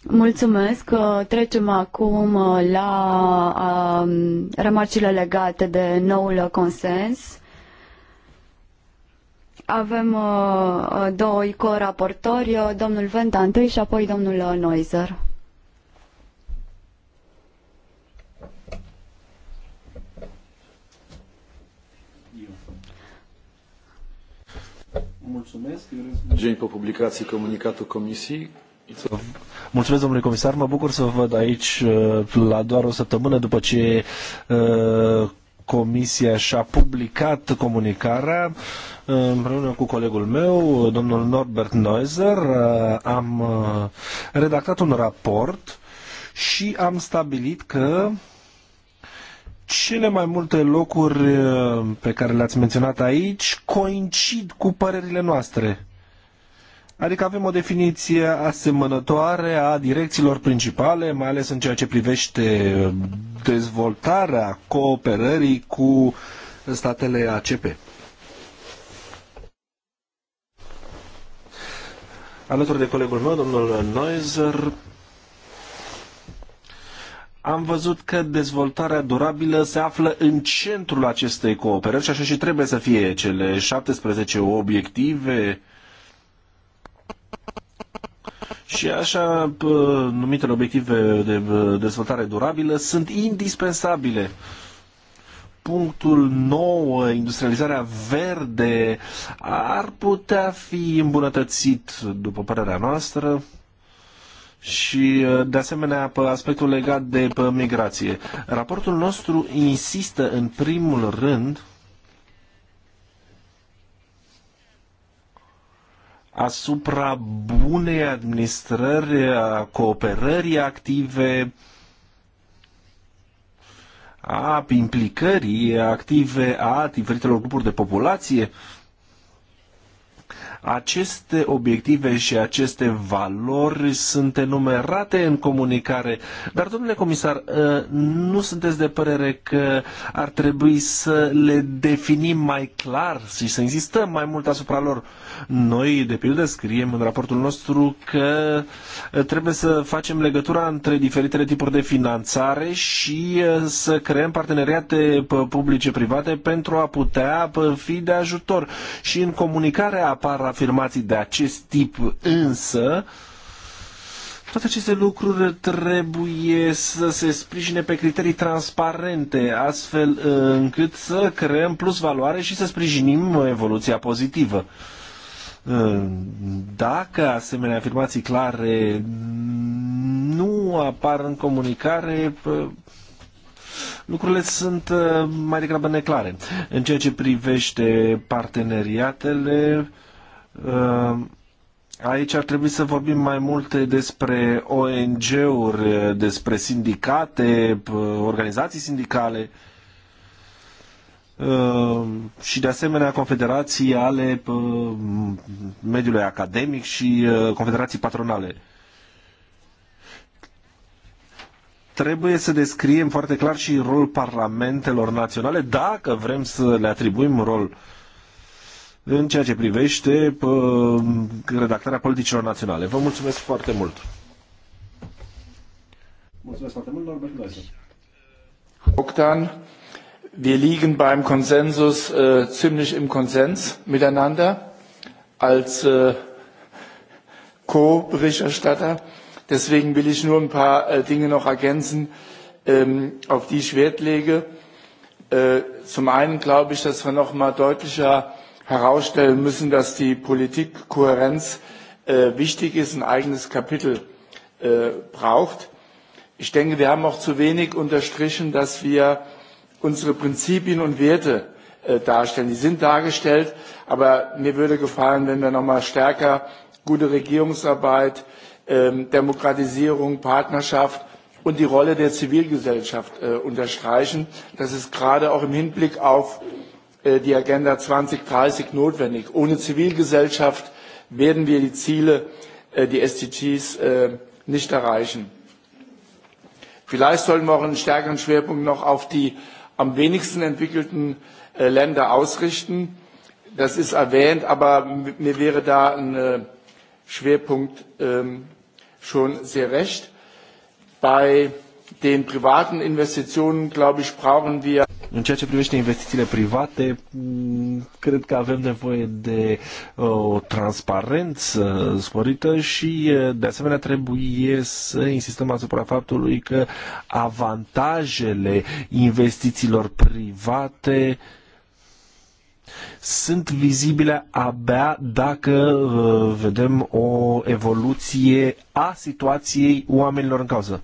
Mulțumesc. Uh, trecem acum uh, la um, remarcile legate de noul consens. Avem uh, doi co-raportori, domnul Venta întâi și apoi domnul Noizer. Mulțumesc. Dzień po publicacji komunikatu Komisji Mulțumesc, domnule comisar. Mă bucur să vă văd aici uh, la doar o săptămână după ce uh, Comisia și-a publicat comunicarea uh, împreună cu colegul meu, domnul Norbert Neuser. Am redactat un raport și am stabilit că cele mai multe locuri pe care le-ați menționat aici coincid cu părerile noastre. Adică avem o definiție asemănătoare a direcțiilor principale, mai ales în ceea ce privește dezvoltarea cooperării cu statele ACP. Alături de colegul meu, domnul Noizer, am văzut că dezvoltarea durabilă se află în centrul acestei cooperări și așa și trebuie să fie cele 17 obiective și așa numitele obiective de dezvoltare durabilă sunt indispensabile punctul 9, industrializarea verde, ar putea fi îmbunătățit, după părerea noastră, și, ă, de asemenea, pe aspectul legat de migrație. Raportul nostru insistă, în primul rând, asupra bunei administrări, a cooperării active, a implicării active a diferitelor grupuri de populație. Uh, aceste obiective și aceste valori sunt enumerate în comunicare, dar, domnule comisar, uh, nu sunteți de părere că ar trebui să le definim mai clar și să insistăm mai mult asupra lor? Noi, de pildă, scriem în raportul nostru că uh, trebuie să facem legătura între diferitele tipuri de finanțare și uh, să creăm parteneriate publice-private pentru a putea fi de ajutor. Și în comunicare apar afirmații de acest tip însă, toate aceste lucruri trebuie să se sprijine pe criterii transparente, astfel uh, încât să creăm plus valoare și să sprijinim evoluția pozitivă. Uh, dacă asemenea afirmații clare nu apar în comunicare, uh, lucrurile sunt mai degrabă neclare. În ceea ce privește parteneriatele, Ehm, aici ar trebui să vorbim mai multe despre ONG-uri, despre sindicate, organizații sindicale ehm, și de asemenea confederații ale mediului academic și confederații patronale. Trebuie să descriem foarte clar și rolul parlamentelor naționale dacă vrem să le atribuim rol uh, în ceea ce privește redactarea politicilor naționale. Vă mulțumesc foarte mult! Mulțumesc foarte mult, Norbert Neuser. Octan, wir liegen beim Konsensus äh, ziemlich im Konsens miteinander als äh, Co-Berichterstatter. Deswegen will ich nur ein paar äh, Dinge noch ergänzen, ähm, auf die ich Wert lege. Äh, zum einen glaube ich, dass wir noch mal deutlicher herausstellen müssen, dass die Politikkohärenz äh, wichtig ist, ein eigenes Kapitel äh, braucht. Ich denke, wir haben auch zu wenig unterstrichen, dass wir unsere Prinzipien und Werte äh, darstellen. Die sind dargestellt, aber mir würde gefallen, wenn wir noch mal stärker gute Regierungsarbeit, ähm, Demokratisierung, Partnerschaft und die Rolle der Zivilgesellschaft äh, unterstreichen. Das ist gerade auch im Hinblick auf Äh, die Agenda 2030 notwendig. Ohne Zivilgesellschaft werden wir die Ziele, äh, die SDGs, äh, nicht erreichen. Vielleicht sollten wir auch einen stärkeren Schwerpunkt noch auf die am wenigsten entwickelten Länder ausrichten. Das ist erwähnt, aber mir wäre da ein Schwerpunkt ähm, schon sehr recht. Bei den privaten Investitionen, glaube ich, brauchen wir în ceea ce privește investițiile private, cred că avem nevoie de uh, o transparență sporită și, uh, de asemenea, trebuie să insistăm asupra faptului că avantajele investițiilor private sunt vizibile abia dacă uh, vedem o evoluție a situației oamenilor în cauză.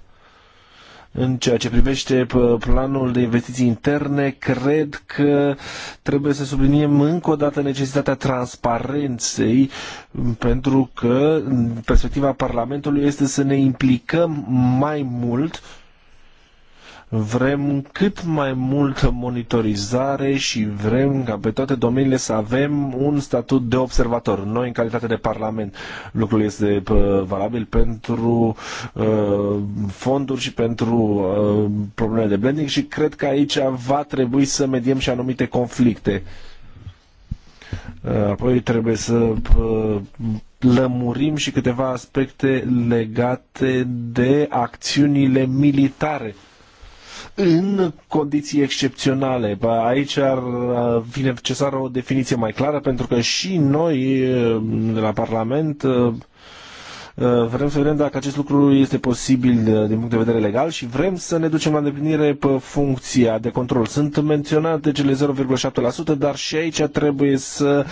În ceea ce privește planul de investiții interne, cred că trebuie să subliniem încă o dată necesitatea transparenței, pentru că perspectiva Parlamentului este să ne implicăm mai mult Vrem cât mai multă monitorizare și vrem ca pe toate domeniile să avem un statut de observator. Noi, în calitate de Parlament, lucrul este uh, valabil pentru uh, fonduri și pentru uh, probleme de blending și cred că aici va trebui să mediem și anumite conflicte. Uh, apoi trebuie să uh, lămurim și câteva aspecte legate de acțiunile militare în condiții excepționale. Aici ar fi uh, necesară o definiție mai clară pentru că și noi uh, de la Parlament uh, Vrem să vedem dacă acest lucru este posibil din punct de vedere legal și vrem să ne ducem la îndeplinire pe funcția de control. Sunt menționate cele 0,7%, dar și aici trebuie să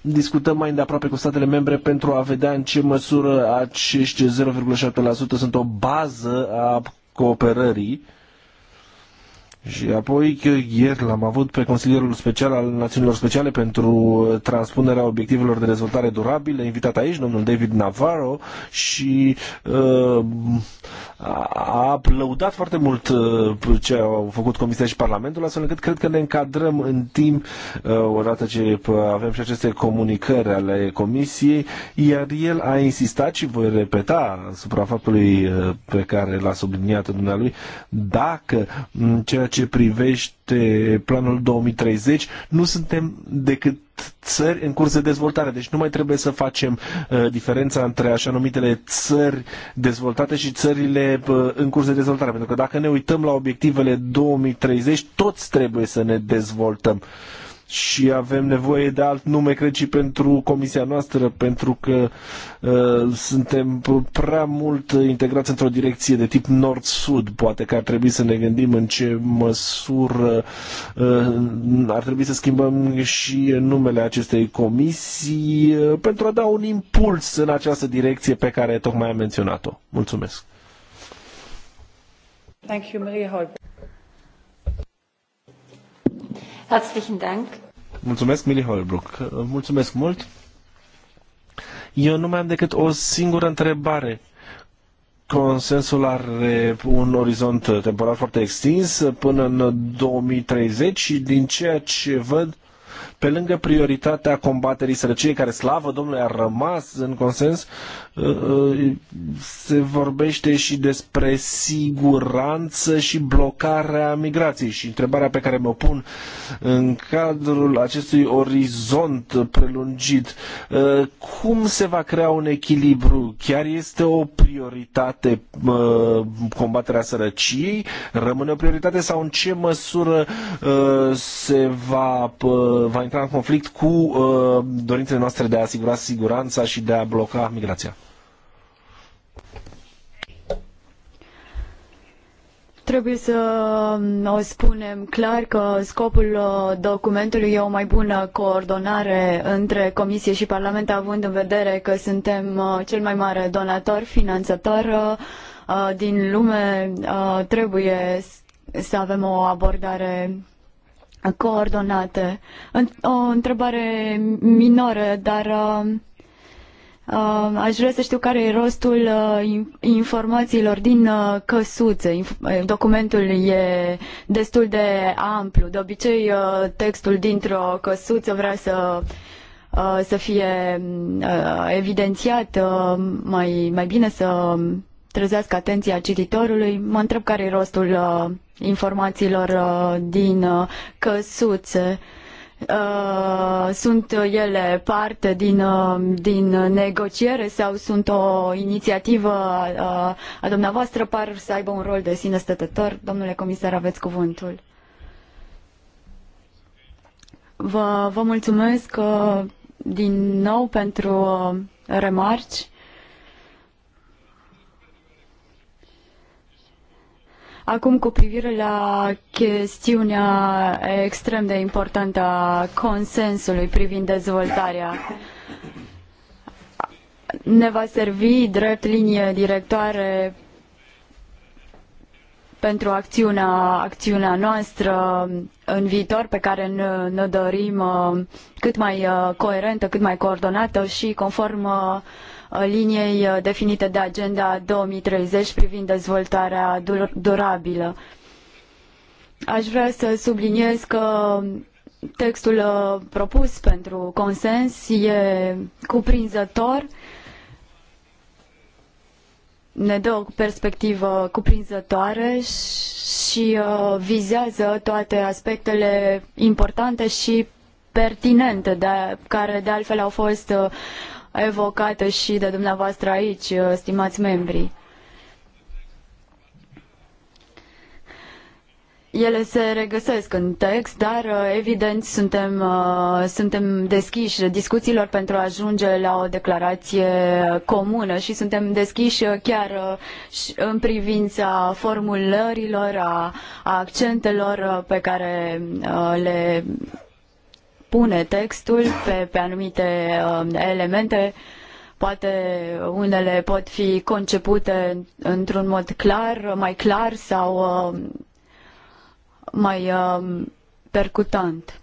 discutăm mai îndeaproape cu statele membre pentru a vedea în ce măsură acești 0,7% sunt o bază a cooperării uh, și apoi ieri l-am avut pe Consilierul Special al Națiunilor Speciale pentru transpunerea obiectivelor de dezvoltare durabile, invitat aici, domnul David Navarro, și uh, a aplaudat foarte mult uh, ce au făcut Comisia și Parlamentul, astfel încât cred că ne încadrăm în timp, uh, odată ce avem și aceste comunicări ale Comisiei, iar el a insistat și voi repeta asupra faptului uh, pe care l-a subliniat dumnealui, dacă ceea ce privește planul 2030, nu suntem decât țări în curs de dezvoltare. Deci nu mai trebuie să facem uh, diferența între așa numitele țări dezvoltate și țările uh, în curs de dezvoltare. Pentru că dacă ne uităm la obiectivele 2030, toți trebuie să ne dezvoltăm. Uh, și avem nevoie de alt nume, cred, și pentru comisia noastră, pentru că uh, suntem prea mult integrați într-o direcție de tip nord-sud. Poate că ar trebui să ne gândim în ce măsură uh, ar trebui să schimbăm și numele acestei comisii uh, pentru a da un impuls în această direcție pe care tocmai am menționat-o. Mulțumesc! Thank you, Maria Herzlichen Dank. Mulțumesc, Mili Holbrook. Mulțumesc mult. Eu nu mai am decât o singură întrebare. Consensul are un orizont temporal foarte extins până în 2030 și din ceea ce văd pe lângă prioritatea combaterii sărăciei, care slavă Domnului a rămas în consens, uh, uh, se vorbește și despre siguranță și blocarea migrației. Și întrebarea pe care mi-o pun în cadrul acestui orizont prelungit, uh, cum se va crea un echilibru? Chiar este o prioritate combaterea sărăciei? Rămâne o prioritate sau în ce măsură se va, va intra în conflict cu uh, dorințele noastre de a asigura siguranța și de a bloca migrația. Trebuie să um, o spunem clar că scopul uh, documentului e o mai bună coordonare între Comisie și Parlament, având în vedere că suntem uh, cel mai mare donator, finanțator uh, din lume. Trebuie să avem o abordare coordonate. O întrebare minoră, dar uh, uh, aș vrea să știu care e rostul uh, informațiilor din căsuțe. Documentul e destul de amplu. De obicei, textul dintr-o căsuță vrea să să fie evidențiat mai, mai bine să trezească atenția cititorului. Mă întreb care e rostul uh, informațiilor uh, din uh, căsuțe. Uh, sunt ele parte din, uh, din negociere sau sunt o inițiativă uh, a dumneavoastră? Par să aibă un rol de sine stătător. Domnule comisar, aveți cuvântul. Vă, vă mulțumesc uh, din nou pentru uh, remarci. Acum, cu privire la chestiunea extrem de importantă a consensului privind dezvoltarea, ne va servi drept linie directoare pentru acțiunea, acțiunea noastră în viitor pe care ne, ne dorim uh, cât mai uh, coerentă, cât mai coordonată și conform uh, Uh, liniei uh, definite de Agenda 2030 privind dezvoltarea durabilă. Aș vrea să subliniez că textul uh, propus pentru consens e cuprinzător, ne dă o perspectivă cuprinzătoare și vizează toate aspectele importante și pertinente, de, care de altfel au fost evocată și de dumneavoastră aici, uh, stimați membri. Ele se regăsesc în text, dar uh, evident suntem, uh, suntem deschiși discuțiilor pentru a ajunge la o declarație comună și suntem deschiși chiar în privința formulărilor, a, a accentelor pe care le pune textul pe, pe anumite um, elemente. Poate unele pot fi concepute într-un mod clar, mai clar sau um, mai um, percutant.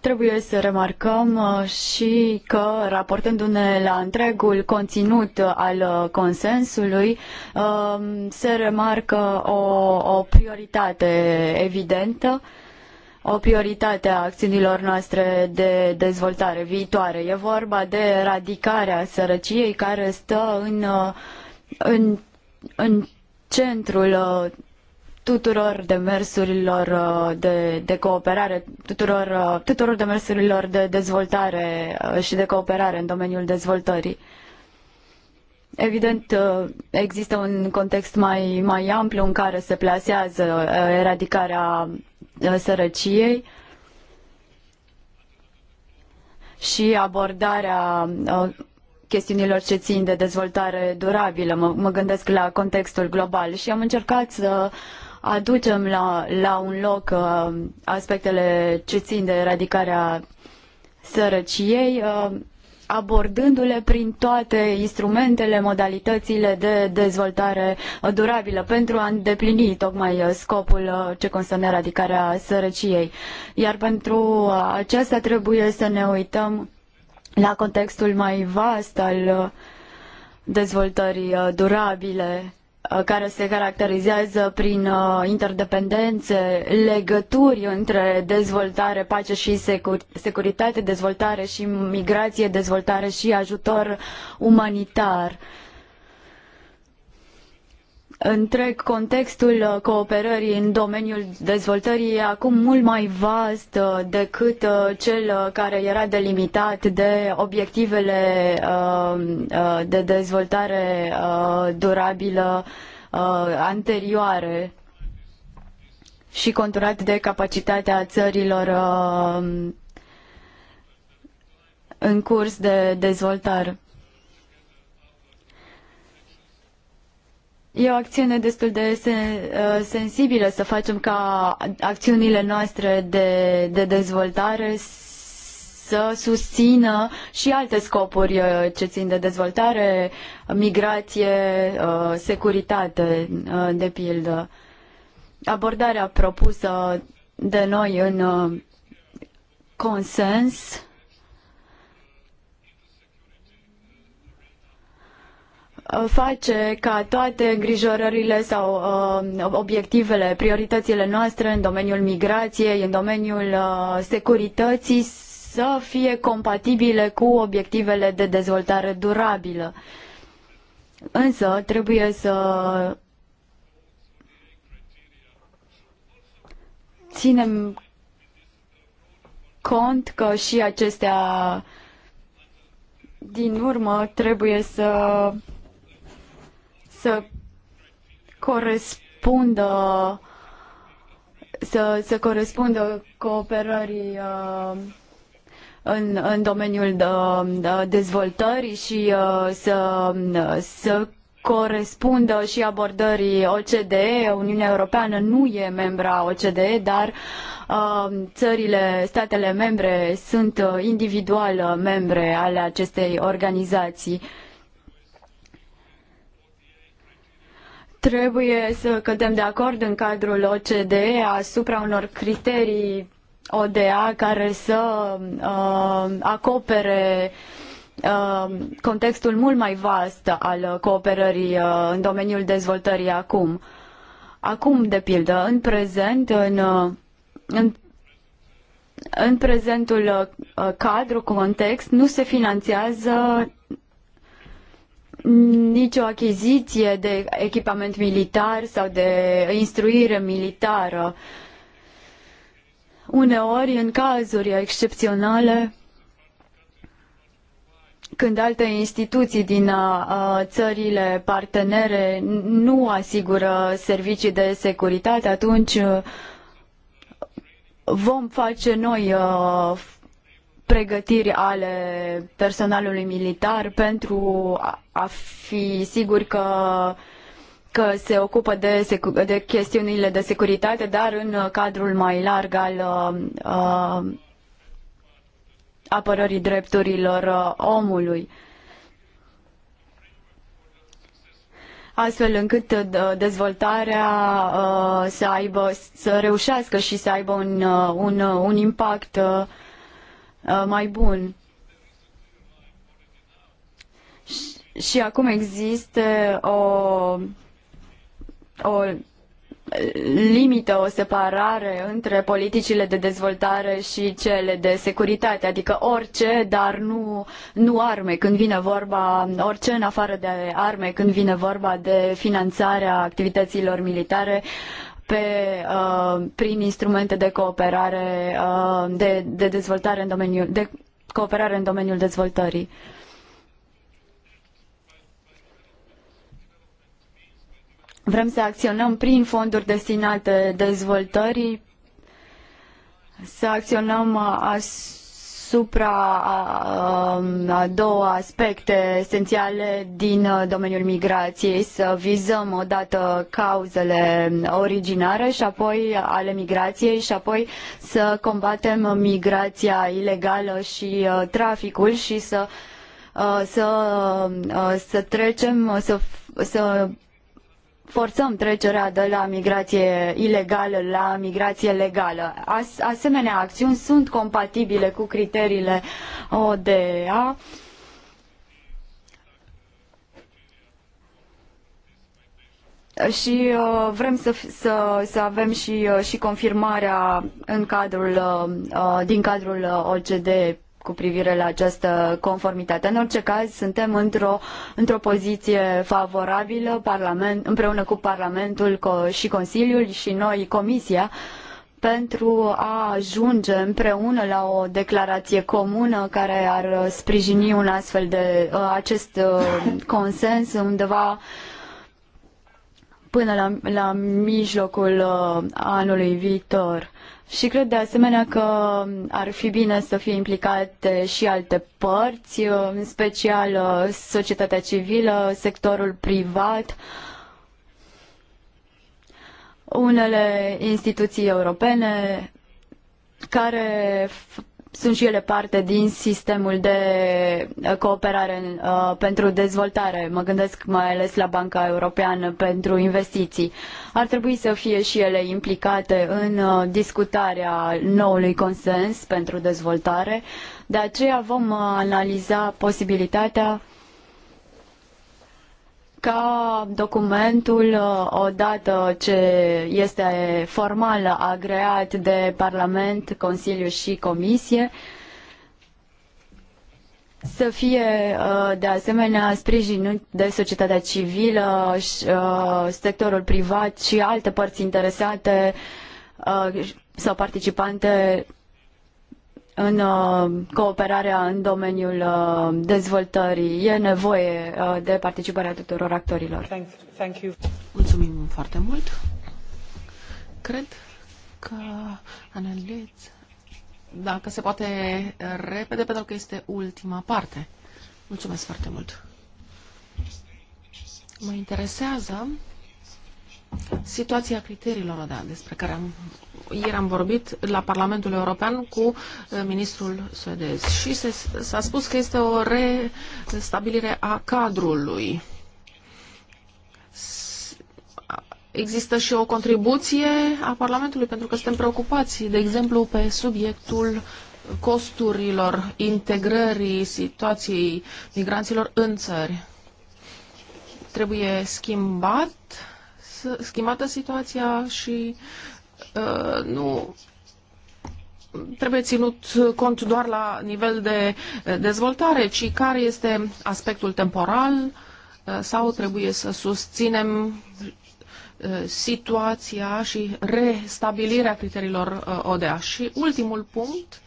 Trebuie să remarcăm uh, și că, raportându-ne la întregul conținut al uh, consensului, um, se remarcă o, o prioritate evidentă o prioritate a acțiunilor noastre de dezvoltare viitoare. E vorba de eradicarea sărăciei care stă în, uh, în, în centrul tuturor demersurilor uh, de, de cooperare, tuturor, uh, tuturor demersurilor de dezvoltare uh, și de cooperare în domeniul dezvoltării. Evident, există un context mai, mai amplu în care se plasează eradicarea sărăciei și abordarea chestiunilor ce țin de dezvoltare durabilă, mă, mă gândesc la contextul global și am încercat să aducem la, la un loc uh, aspectele ce țin de eradicarea sărăciei, uh, abordându-le prin toate instrumentele, modalitățile de dezvoltare durabilă pentru a îndeplini tocmai uh, scopul ce constă în eradicarea sărăciei. Iar pentru aceasta trebuie să ne uităm la contextul mai vast al dezvoltării durabile Uh, care se caracterizează prin uh, interdependențe, legături între dezvoltare, pace și securitate, dezvoltare și migrație, dezvoltare și ajutor umanitar. Uh, întreg contextul cooperării în domeniul dezvoltării e acum mult mai vast uh, decât uh, cel uh, care era delimitat de obiectivele de dezvoltare durabilă anterioare și conturat de capacitatea țărilor în curs de dezvoltare. E o acțiune destul de uh, sensibilă să facem ca acțiunile noastre de, de dezvoltare să susțină și alte scopuri uh, ce țin de dezvoltare, migrație, uh, securitate, de pildă. Abordarea propusă de noi în consens Uh, face ca toate îngrijorările sau uh, obiectivele, prioritățile noastre în domeniul migrației, în domeniul uh, securității să fie compatibile cu obiectivele de dezvoltare durabilă. Însă trebuie să ținem cont că și acestea din urmă trebuie să să corespundă să, să corespundă cooperării uh, în, în domeniul de, de dezvoltării și uh, să, să corespundă și abordării OCDE. Uniunea Europeană nu e membra OCDE, dar uh, țările, statele membre sunt uh, individual uh, membre ale acestei organizații. Uh, Trebuie să cădem de acord în cadrul OCDE asupra unor criterii ODA care să uh, acopere uh, contextul mult mai vast al cooperării uh, în domeniul dezvoltării acum. Acum, de pildă, în prezent, în, uh, în, în prezentul cadru, context, nu se finanțează nicio achiziție de echipament militar sau de instruire militară. Uneori, în cazuri excepționale, când alte instituții din țările partenere nu asigură servicii de securitate, atunci uh, vom face noi uh, pregătiri ale personalului militar pentru a, fi sigur că că se ocupă de, de chestiunile de securitate, dar în cadrul mai larg al uh, uh apărării drepturilor uh, omului. astfel încât dezvoltarea uh, să aibă, să reușească și să aibă un, un, un impact uh, Uh, mai bun. Și acum există o, o limită, o separare între politicile de dezvoltare și cele de securitate, adică orice, dar nu, nu arme când vine vorba, orice în afară de arme când vine vorba de finanțarea activităților militare. Uh, pe, uh, prin instrumente de cooperare, uh, de, de dezvoltare în domeniul, de cooperare în domeniul dezvoltării. Vrem să acționăm prin fonduri destinate dezvoltării, să acționăm uh, as, asupra a două aspecte esențiale din uh, domeniul migrației, să vizăm odată cauzele originare și apoi ale migrației și apoi să combatem migrația ilegală și uh, traficul și să uh, să, să trecem, să, să forțăm trecerea de la migrație ilegală la migrație legală. asemenea acțiuni sunt compatibile cu criteriile ODA. și uh, vrem să, să, să avem și, uh, și confirmarea în cadrul, uh, uh din cadrul uh, OCDE cu privire la această conformitate. În orice caz, suntem într-o, într-o poziție favorabilă Parlament, împreună cu Parlamentul și Consiliul și noi, Comisia, pentru a ajunge împreună la o declarație comună care ar sprijini un astfel de uh, acest uh, consens undeva până la, la mijlocul uh, anului viitor. Și cred de asemenea că ar fi bine să fie implicate și alte părți, în special uh, societatea civilă, sectorul privat, unele instituții europene care sunt și ele parte din sistemul de uh, cooperare uh, pentru dezvoltare. Mă gândesc mai ales la Banca Europeană pentru Investiții. Ar trebui să fie și ele implicate în uh, discutarea noului consens pentru dezvoltare. De aceea vom analiza posibilitatea ca documentul, uh, odată ce este formal agreat de Parlament, Consiliu și Comisie, să fie uh, de asemenea sprijinit de societatea civilă, uh, sectorul privat și alte părți interesate sau participante în uh, cooperarea în domeniul uh, dezvoltării. E nevoie uh, de participarea tuturor actorilor. Thank, you. Mulțumim foarte mult. Cred că analiz dacă se poate repede, pentru că este ultima parte. Mulțumesc foarte mult. Mă interesează situația criteriilor da, despre care am, ieri am vorbit la Parlamentul European cu uh, ministrul suedez și s-a spus că este o restabilire a cadrului. S există și o contribuție a Parlamentului pentru că suntem preocupați, de exemplu, pe subiectul costurilor integrării situației migranților în țări. Trebuie schimbat schimbată situația și uh, nu trebuie ținut cont doar la nivel de uh, dezvoltare, ci care este aspectul temporal uh, sau trebuie să susținem uh, situația și restabilirea criteriilor ODA. Și ultimul punct,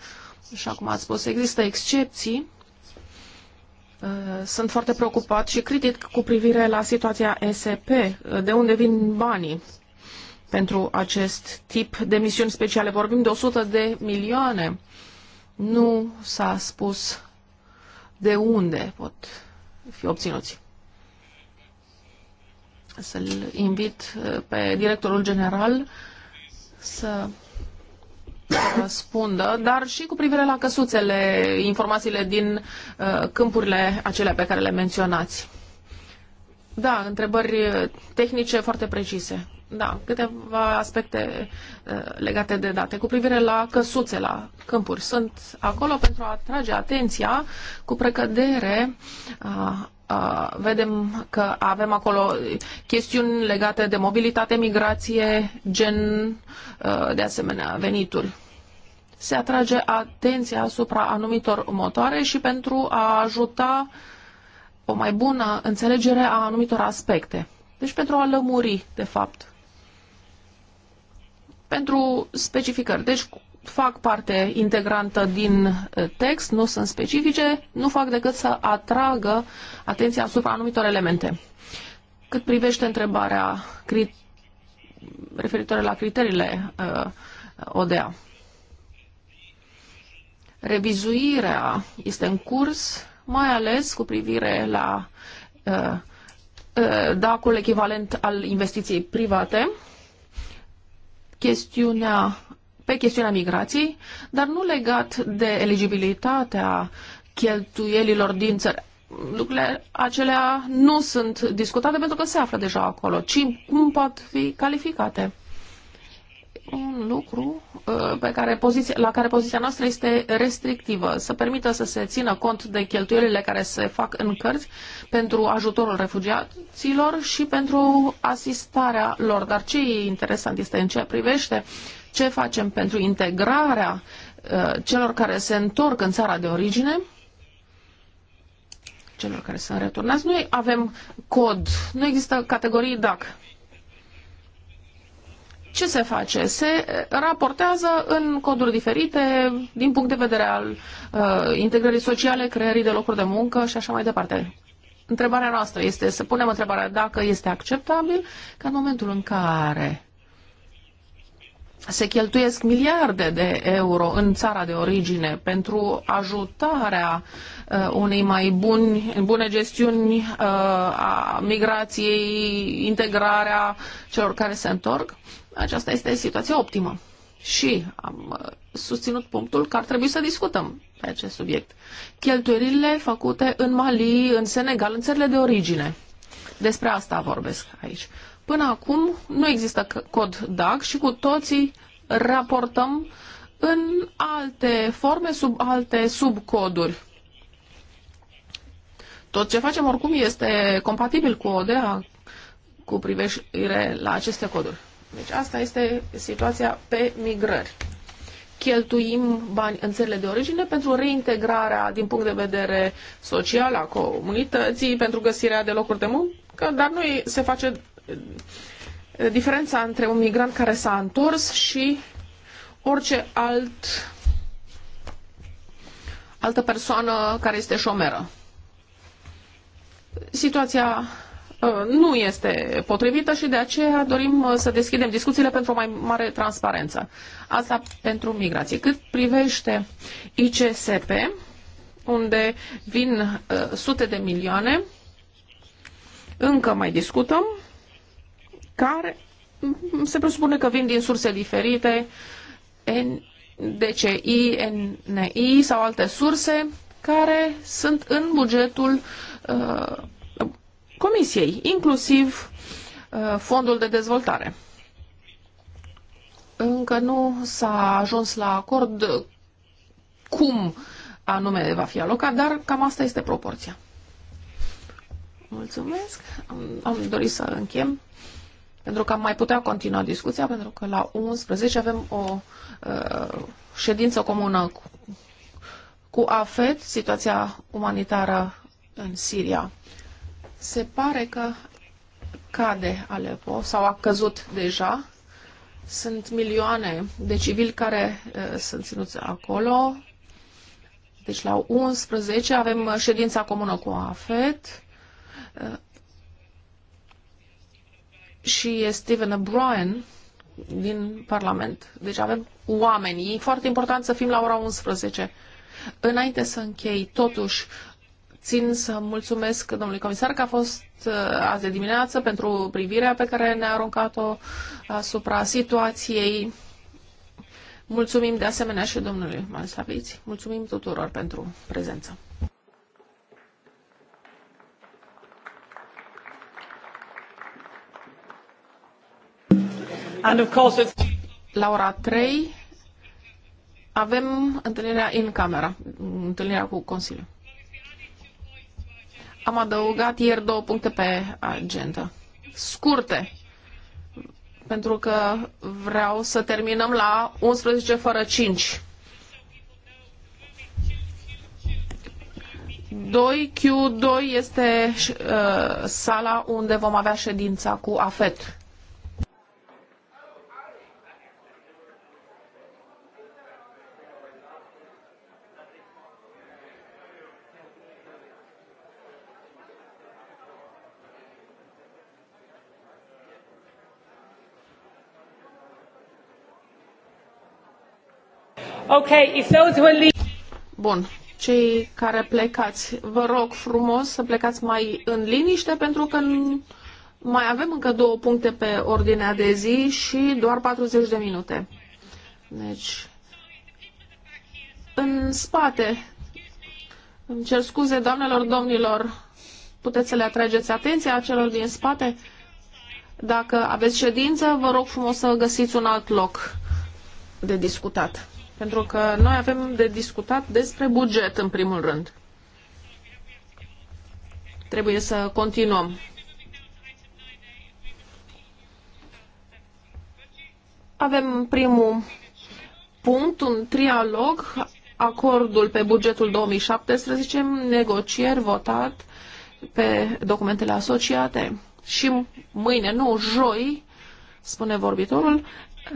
așa cum ați spus, există excepții Uh, sunt foarte preocupat și critic cu privire la situația SP, uh, de unde vin banii pentru acest tip de misiuni speciale. Vorbim de 100 de milioane. Nu s-a spus de unde pot fi obținuți. Să-l invit uh, pe directorul general să răspundă, dar și cu privire la căsuțele, informațiile din uh, câmpurile acelea pe care le menționați. Da, întrebări uh, tehnice foarte precise. Da, câteva aspecte uh, legate de date. Cu privire la căsuțe, la câmpuri, sunt acolo pentru a atrage atenția cu precădere uh, vedem că avem acolo chestiuni legate de mobilitate, migrație, gen, de asemenea, venituri. Se atrage atenția asupra anumitor motoare și pentru a ajuta o mai bună înțelegere a anumitor aspecte. Deci pentru a lămuri, de fapt. Pentru specificări. Deci fac parte integrantă din uh, text, nu sunt specifice, nu fac decât să atragă atenția asupra anumitor elemente. Cât privește întrebarea crit- referitoare la criteriile uh, ODA. Revizuirea este în curs, mai ales cu privire la uh, uh, dacul echivalent al investiției private. Chestiunea pe chestiunea migrației, dar nu legat de eligibilitatea cheltuielilor din țări. Lucrurile acelea nu sunt discutate pentru că se află deja acolo, ci cum pot fi calificate. Un lucru uh, pe care poziția, la care poziția noastră este restrictivă, să permită să se țină cont de cheltuielile care se fac în cărți pentru ajutorul refugiaților și pentru asistarea lor. Dar ce e interesant este în ce privește ce facem pentru integrarea uh, celor care se întorc în țara de origine, celor care sunt returnați. Noi avem cod, nu există categorii DAC. Ce se face? Se raportează în coduri diferite din punct de vedere al uh, integrării sociale, creării de locuri de muncă și așa mai departe. Întrebarea noastră este să punem întrebarea dacă este acceptabil ca în momentul în care se cheltuiesc miliarde de euro în țara de origine pentru ajutarea uh, unei mai buni, bune gestiuni uh, a migrației, integrarea celor care se întorc, aceasta este situația optimă. Și am uh, susținut punctul că ar trebui să discutăm pe acest subiect. Cheltuielile făcute în Mali, în Senegal, în țările de origine. Despre asta vorbesc aici. Până acum nu există cod DAC și cu toții raportăm în alte forme, sub alte subcoduri. Tot ce facem oricum este compatibil cu ODA cu privire la aceste coduri. Deci asta este situația pe migrări. Cheltuim bani în țările de origine pentru reintegrarea din punct de vedere social a comunității, pentru găsirea de locuri de muncă, dar nu se face diferența între un migrant care s-a întors și orice alt, altă persoană care este șomeră. Situația uh, nu este potrivită și de aceea dorim uh, să deschidem discuțiile pentru o mai mare transparență. Asta pentru migrație. Cât privește ICSP, unde vin uh, sute de milioane, încă mai discutăm care se presupune că vin din surse diferite, DCI, NI sau alte surse care sunt în bugetul uh, Comisiei, inclusiv uh, Fondul de Dezvoltare. Încă nu s-a ajuns la acord cum anume va fi alocat, dar cam asta este proporția. Mulțumesc. Am, am dorit să închem. Pentru că am mai putea continua discuția, pentru că la 11 avem o uh, ședință comună cu, cu AFET, situația umanitară în Siria. Se pare că cade Alepo sau a căzut deja. Sunt milioane de civili care uh, sunt ținuți acolo. Deci la 11 avem ședința comună cu AFET. Uh, și Stephen O'Brien din Parlament. Deci avem oameni. E foarte important să fim la ora 11. Înainte să închei, totuși, țin să mulțumesc domnului comisar că a fost uh, azi de dimineață pentru privirea pe care ne-a aruncat-o asupra situației. Mulțumim de asemenea și domnului Malsaviți. Mulțumim tuturor pentru prezență. La ora 3 avem întâlnirea în camera, întâlnirea cu Consiliul. Am adăugat ieri două puncte pe agenda. Scurte, pentru că vreau să terminăm la 11 fără 5. 2Q2 este uh, sala unde vom avea ședința cu AFET. Okay, if those who Bun. Cei care plecați, vă rog frumos să plecați mai în liniște pentru că mai avem încă două puncte pe ordinea de zi și doar 40 de minute. Deci, în spate, îmi cer scuze, doamnelor, domnilor, puteți să le atrageți atenția celor din spate. Dacă aveți ședință, vă rog frumos să găsiți un alt loc de discutat. Pentru că noi avem de discutat despre buget, în primul rând. Trebuie să continuăm. Avem primul punct, un trialog, acordul pe bugetul 2017, negocieri, votat pe documentele asociate. Și mâine, nu, joi, spune vorbitorul,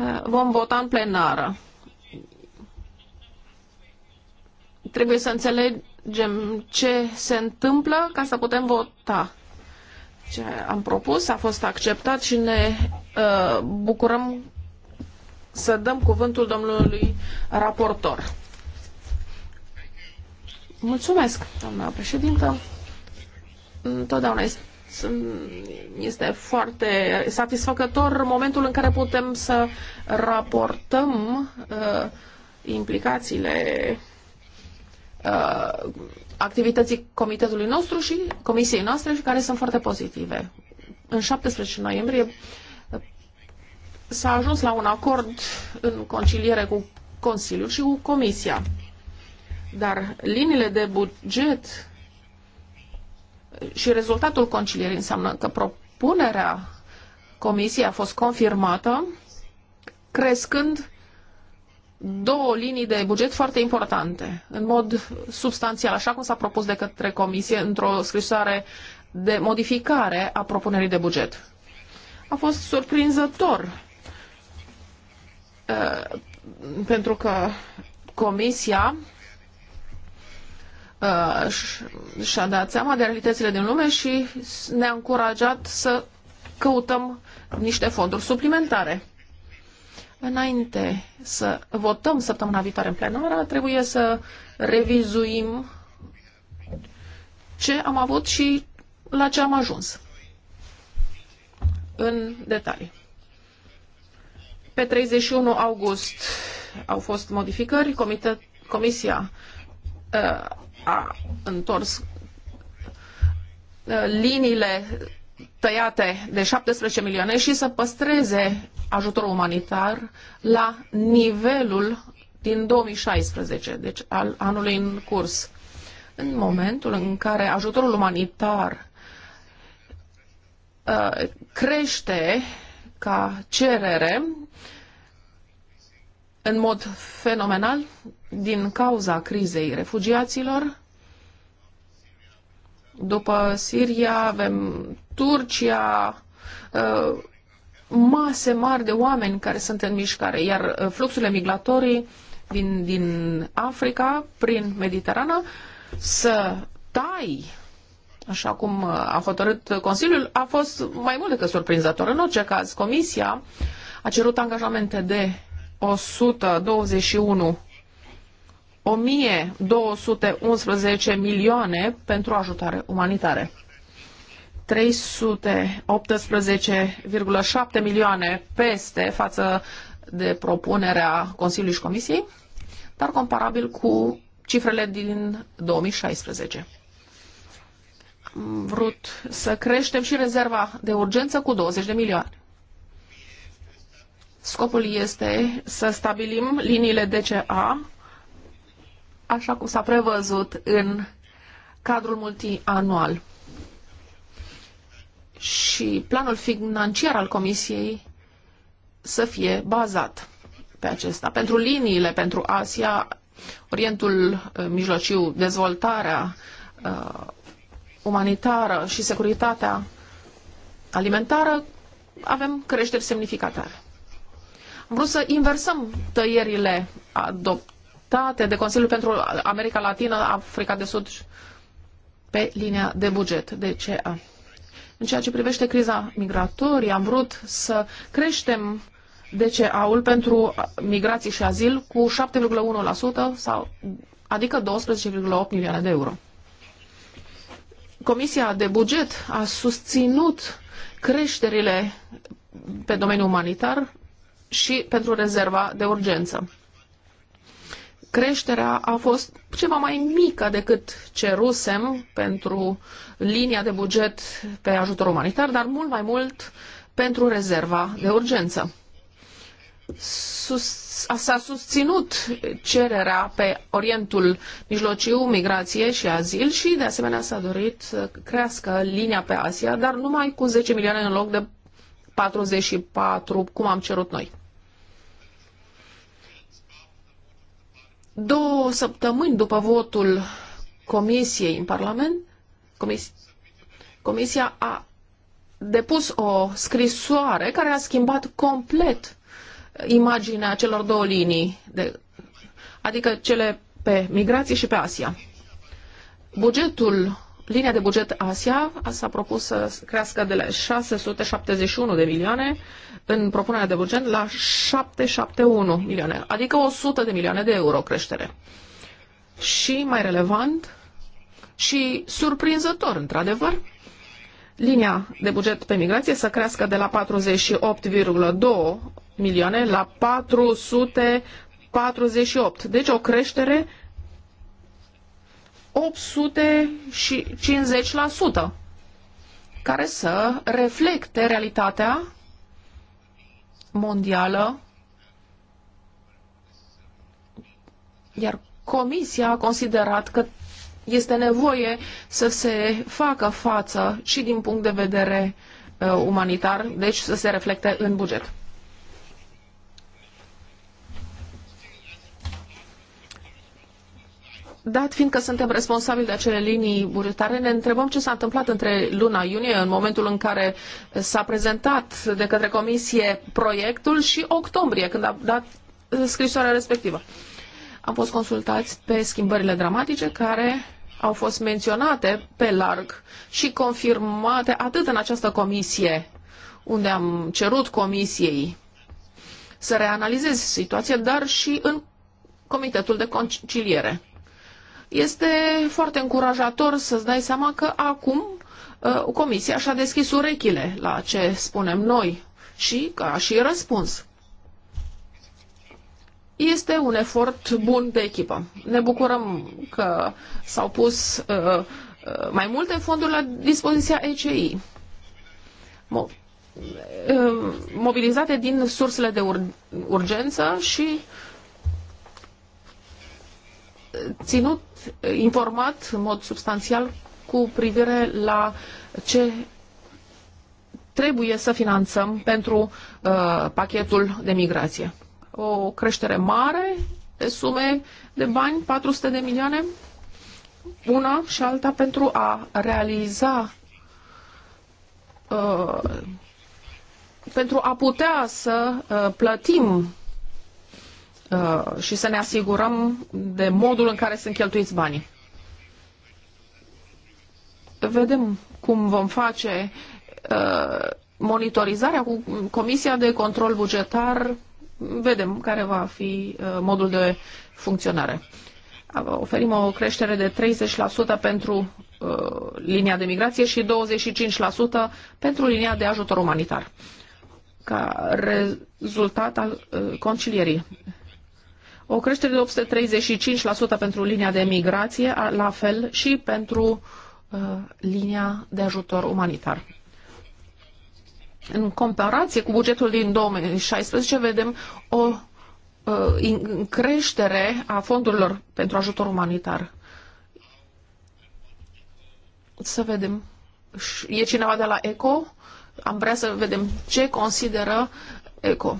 eh, vom vota în plenară. Trebuie să înțelegem ce se întâmplă ca să putem vota. Ce am propus a fost acceptat și ne uh, bucurăm să dăm cuvântul domnului raportor. Mulțumesc, doamna președintă. Întotdeauna este este foarte satisfăcător momentul în care putem să raportăm uh, implicațiile uh, activității comitetului nostru și comisiei noastre și care sunt foarte pozitive. În 17 noiembrie uh, s-a ajuns la un acord în conciliere cu Consiliul și cu Comisia. Dar liniile de buget și rezultatul concilierii înseamnă că propunerea Comisiei a fost confirmată, crescând două linii de buget foarte importante, în mod substanțial, așa cum s-a propus de către Comisie într-o scrisoare de modificare a propunerii de buget. A fost surprinzător pentru că Comisia și-a dat seama de realitățile din lume și ne-a încurajat să căutăm niște fonduri suplimentare. Înainte să votăm săptămâna viitoare în plenară, trebuie să revizuim ce am avut și la ce am ajuns în detalii. Pe 31 august au fost modificări. Comită, comisia uh, a întors uh, liniile tăiate de 17 milioane și să păstreze ajutorul umanitar la nivelul din 2016, deci al anului în curs. În momentul în care ajutorul umanitar uh, crește ca cerere în mod fenomenal din cauza crizei refugiaților, după Siria avem Turcia, uh, mase mari de oameni care sunt în mișcare, iar uh, fluxurile migratorii din, din Africa prin Mediterana să tai așa cum uh, a hotărât Consiliul, a fost mai mult decât surprinzător. În orice caz, Comisia a cerut angajamente de 121 1211 milioane pentru ajutare umanitare. 318,7 milioane peste față de propunerea Consiliului și Comisiei, dar comparabil cu cifrele din 2016. Am vrut să creștem și rezerva de urgență cu 20 de milioane. Scopul este să stabilim liniile DCA așa cum s-a prevăzut în cadrul multianual. Și planul financiar al Comisiei să fie bazat pe acesta. Pentru liniile, pentru Asia, Orientul eh, Mijlociu, dezvoltarea uh, umanitară și securitatea alimentară, avem creșteri semnificative. Am vrut să inversăm tăierile adoptate State de Consiliul pentru America Latină, Africa de Sud pe linia de buget. De ce? În ceea ce privește criza migratorie, am vrut să creștem DCA-ul pentru migrații și azil cu 7,1% sau adică 12,8 milioane de euro. Comisia de buget a susținut creșterile pe domeniul umanitar și pentru rezerva de urgență creșterea a fost ceva mai mică decât cerusem pentru linia de buget pe ajutor umanitar, dar mult mai mult pentru rezerva de urgență. Sus, s-a susținut cererea pe Orientul Mijlociu, migrație și azil și de asemenea s-a dorit să crească linia pe Asia, dar numai cu 10 milioane în loc de 44, cum am cerut noi. două săptămâni după votul Comisiei în Parlament, comis Comisia a depus o scrisoare care a schimbat complet imaginea celor două linii, de, adică cele pe migrație și pe Asia. Bugetul, linia de buget Asia s-a propus să crească de la 671 de milioane în propunerea de buget la 771 milioane, adică 100 de milioane de euro creștere. Și mai relevant și surprinzător, într-adevăr, linia de buget pe migrație să crească de la 48,2 milioane la 448. Deci o creștere 850%, care să reflecte realitatea mondială, iar Comisia a considerat că este nevoie să se facă față și din punct de vedere uh, umanitar, deci să se reflecte în buget. dat fiindcă suntem responsabili de acele linii bugetare, ne întrebăm ce s-a întâmplat între luna iunie, în momentul în care s-a prezentat de către comisie proiectul, și octombrie, când a dat scrisoarea respectivă. Am fost consultați pe schimbările dramatice care au fost menționate pe larg și confirmate atât în această comisie, unde am cerut comisiei să reanalizeze situația, dar și în Comitetul de Conciliere. Este foarte încurajator să-ți dai seama că acum uh, Comisia și-a deschis urechile la ce spunem noi și că a și răspuns. Este un efort bun de echipă. Ne bucurăm că s-au pus uh, uh mai multe fonduri la dispoziția ECI, mo uh, mobilizate din sursele de ur urgență și ținut informat în mod substanțial cu privire la ce trebuie să finanțăm pentru uh, pachetul de migrație. O creștere mare de sume de bani, 400 de milioane, una și alta pentru a realiza, uh, pentru a putea să uh, plătim Uh, și să ne asigurăm de modul în care sunt cheltuiți banii. Vedem cum vom face uh, monitorizarea cu Comisia de Control Bugetar, vedem care va fi uh, modul de funcționare. Oferim o creștere de 30% pentru linia de migrație și 25% pentru linia de ajutor umanitar ca rezultat al concilierii o creștere de 835% pentru linia de migrație, la fel și pentru uh, linia de ajutor umanitar. În comparație cu bugetul din 2016, vedem o uh, creștere a fondurilor pentru ajutor umanitar. Să vedem. E cineva de la ECO? Am vrea să vedem ce consideră ECO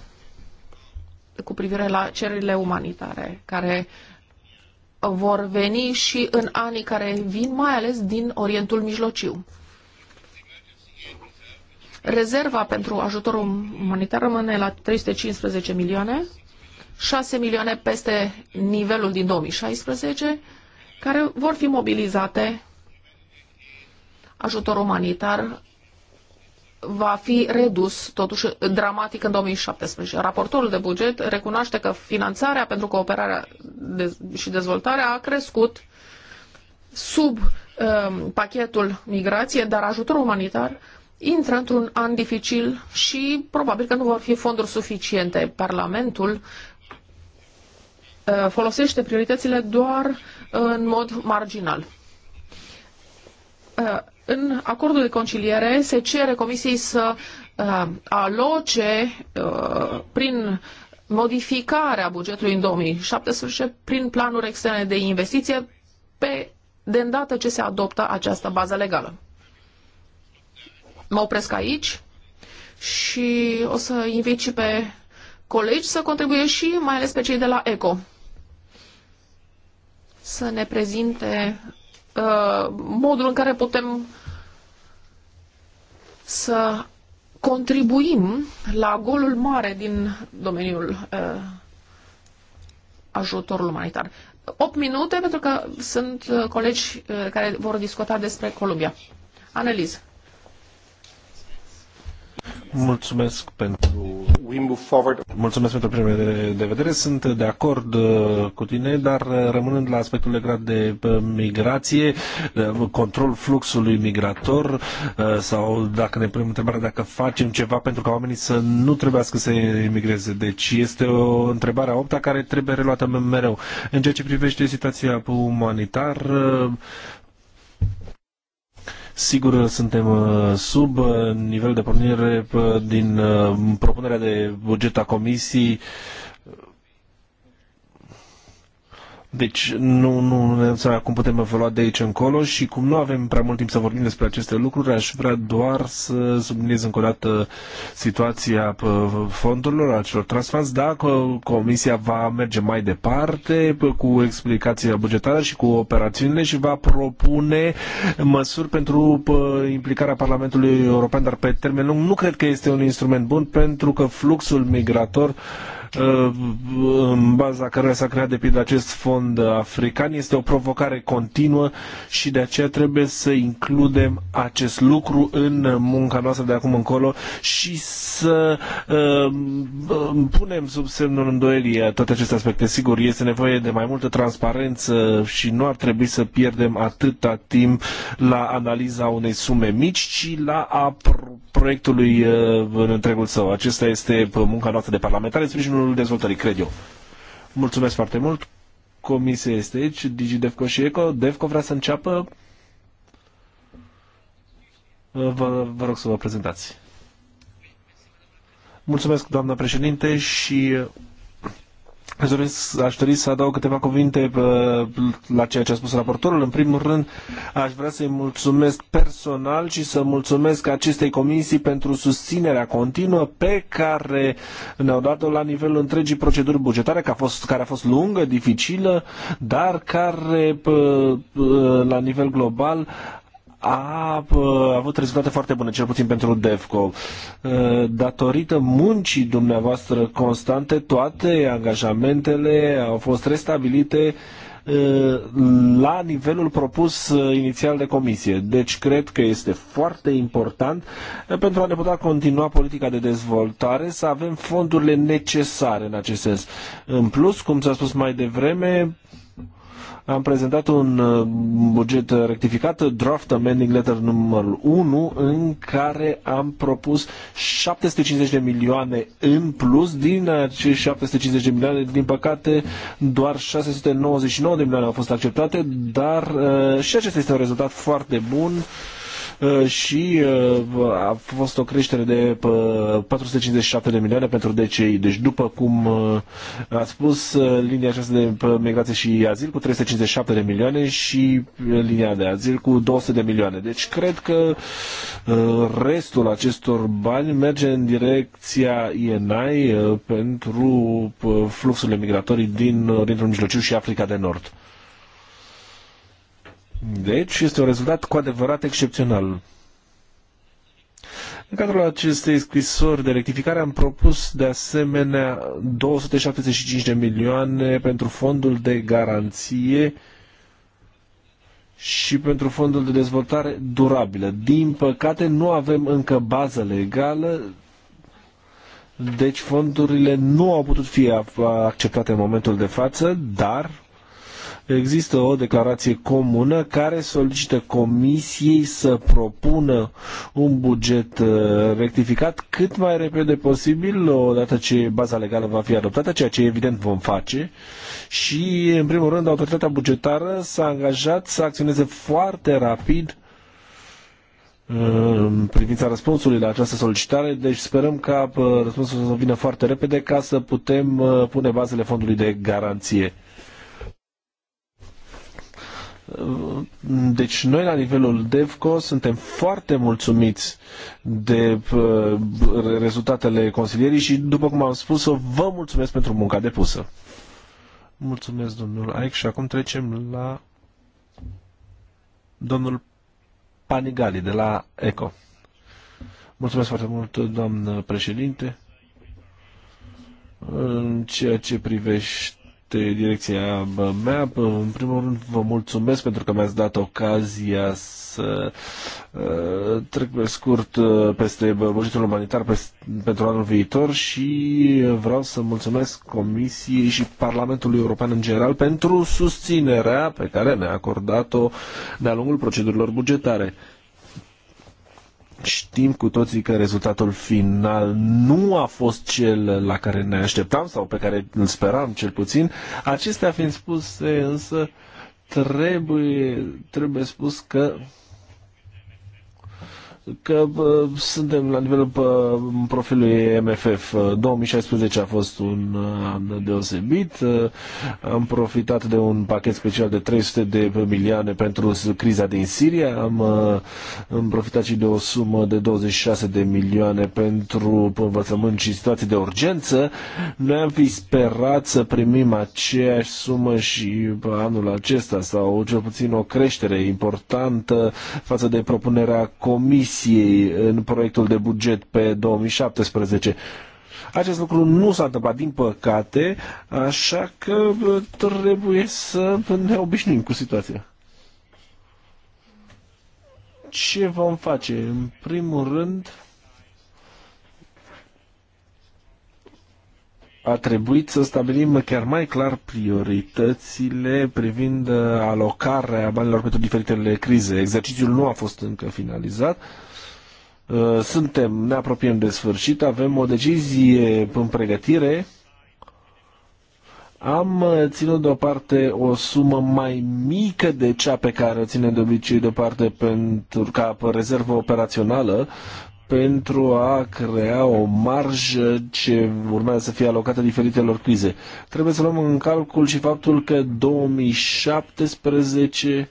cu privire la cererile umanitare care vor veni și în anii care vin, mai ales din Orientul Mijlociu. Rezerva pentru ajutorul umanitar rămâne la 315 milioane, 6 milioane peste nivelul din 2016, care vor fi mobilizate ajutor umanitar va fi redus totuși dramatic în 2017. Raportorul de buget recunoaște că finanțarea pentru cooperarea și dezvoltarea a crescut sub um, pachetul migrație, dar ajutorul umanitar intră într-un an dificil și probabil că nu vor fi fonduri suficiente. Parlamentul uh, folosește prioritățile doar în mod marginal. Uh, în acordul de conciliere se cere Comisiei să uh, aloce uh, prin modificarea bugetului în 2017 prin planuri externe de investiție pe de îndată ce se adoptă această bază legală. Mă opresc aici și o să invit și pe colegi să contribuie și mai ales pe cei de la ECO să ne prezinte Uh, modul în care putem să contribuim la golul mare din domeniul uh, ajutorul umanitar. 8 minute pentru că sunt uh, colegi uh, care vor discuta despre Columbia. Analiză. Mulțumesc pentru... We move forward. Mulțumesc pentru primele de, vedere. Sunt de acord uh, cu tine, dar uh, rămânând la aspectul legat de uh, migrație, control fluxului migrator sau dacă ne punem întrebarea dacă facem ceva pentru ca oamenii să nu trebuiască să emigreze. Deci este o întrebare a opta care trebuie reluată mereu. În ceea ce privește situația umanitară, Sigur, suntem uh, sub uh, nivel de pornire uh, din propunerea de buget a Comisiei deci nu, nu ne înțeleg cum putem evolua de aici încolo și cum nu avem prea mult timp să vorbim despre aceste lucruri, aș vrea doar să subliniez încă o dată situația fondurilor, acelor transfers, dacă Comisia va merge mai departe cu explicația bugetară și cu operațiunile și va propune măsuri pentru implicarea Parlamentului European, dar pe termen lung nu cred că este un instrument bun pentru că fluxul migrator uh, Uh, în baza căruia s-a creat de pildă acest fond african. Este o provocare continuă și de aceea trebuie să includem acest lucru în munca noastră de acum încolo și să uh, punem sub semnul îndoielii toate aceste aspecte. Sigur, este nevoie de mai multă transparență și nu ar trebui să pierdem atâta timp la analiza unei sume mici, ci la a proiectului uh, în întregul său. Acesta este munca noastră de parlamentare, sprijinul domeniul dezvoltării, cred eu. Mulțumesc foarte mult. Comisia este aici, DigiDevco și ECO. Devco vrea să înceapă. Vă, vă rog să vă prezentați. Mulțumesc, doamna președinte, și Aș, aș dori să adaug câteva cuvinte uh, la ceea ce a spus raportorul. În primul rând, aș vrea să-i mulțumesc personal și să mulțumesc acestei comisii pentru susținerea continuă pe care ne-au dat-o la nivelul întregii proceduri bugetare, care a fost, care a fost lungă, dificilă, dar care uh, uh, la nivel global a avut rezultate foarte bune, cel puțin pentru Defco, uh, Datorită muncii dumneavoastră constante, toate angajamentele au fost restabilite uh, la nivelul propus uh, inițial de comisie. Deci cred că este foarte important pentru a ne putea continua politica de dezvoltare să avem fondurile necesare în acest sens. În plus, cum s-a spus mai devreme, am prezentat un uh, buget rectificat, draft amending letter numărul 1, în care am propus 750 de milioane în plus. Din acești 750 de milioane, din păcate, doar 699 de milioane au fost acceptate, dar uh, și acesta este un rezultat foarte bun. Uh, și uh, a fost o creștere de 457 uh, de milioane pentru DCI. Deci după cum a spus, linia aceasta de migrație și azil cu 357 de milioane și linia de azil cu 200 de milioane. Deci cred că restul acestor bani merge în direcția INAI pentru fluxurile migratorii din Orientul Mijlociu și Africa de Nord. Deci este un rezultat cu adevărat excepțional. În cadrul acestei scrisori de rectificare am propus de asemenea 275 de milioane pentru fondul de garanție și pentru fondul de dezvoltare durabilă. Din păcate nu avem încă bază legală, deci fondurile nu au putut fi acceptate în momentul de față, dar Există o declarație comună care solicită Comisiei să propună un buget uh, rectificat cât mai repede posibil, odată ce baza legală va fi adoptată, ceea ce evident vom face. Și, în primul rând, autoritatea bugetară s-a angajat să acționeze foarte rapid uh, în privința răspunsului la această solicitare, deci sperăm ca uh, răspunsul să vină foarte repede ca să putem pune bazele fondului de garanție. Deci noi la nivelul DEVCO suntem foarte mulțumiți de uh, rezultatele consilierii și după cum am spus-o, vă mulțumesc pentru munca depusă. Mulțumesc domnul Aic și acum trecem la domnul Panigali de la ECO. Mulțumesc foarte mult, doamnă președinte. În ceea ce privește direcția mea. În primul rând vă mulțumesc pentru că mi-ați dat ocazia să uh, trec pe scurt uh, peste bugetul umanitar pentru anul viitor și vreau să mulțumesc Comisiei și Parlamentului European în general pentru susținerea pe care ne-a acordat-o de-a lungul procedurilor bugetare. Știm cu toții că rezultatul final nu a fost cel la care ne așteptam sau pe care îl speram cel puțin. Acestea fiind spuse însă, trebuie, trebuie spus că că suntem la nivelul profilului MFF. 2016 a fost un an deosebit. Am profitat de un pachet special de 300 de milioane pentru criza din Siria. Am, uh, am profitat și de o sumă de 26 de milioane pentru învățământ și situații de urgență. Noi am fi sperat să primim aceeași sumă și anul acesta sau cel puțin o creștere importantă față de propunerea comisiei Comisiei în proiectul de buget pe 2017. Acest lucru nu s-a întâmplat, din păcate, așa că trebuie să ne obișnuim cu situația. Ce vom face? În primul rând, a trebuit să stabilim chiar mai clar prioritățile privind alocarea banilor pentru diferitele crize. Exercițiul nu a fost încă finalizat. Uh, Uh, suntem, ne apropiem de sfârșit, avem o decizie în pregătire. Am uh, ținut deoparte o sumă mai mică de cea pe care o ținem de obicei deoparte pentru, ca rezervă operațională pentru a crea o marjă ce urmează să fie alocată diferitelor crize. Trebuie să luăm în calcul și faptul că 2017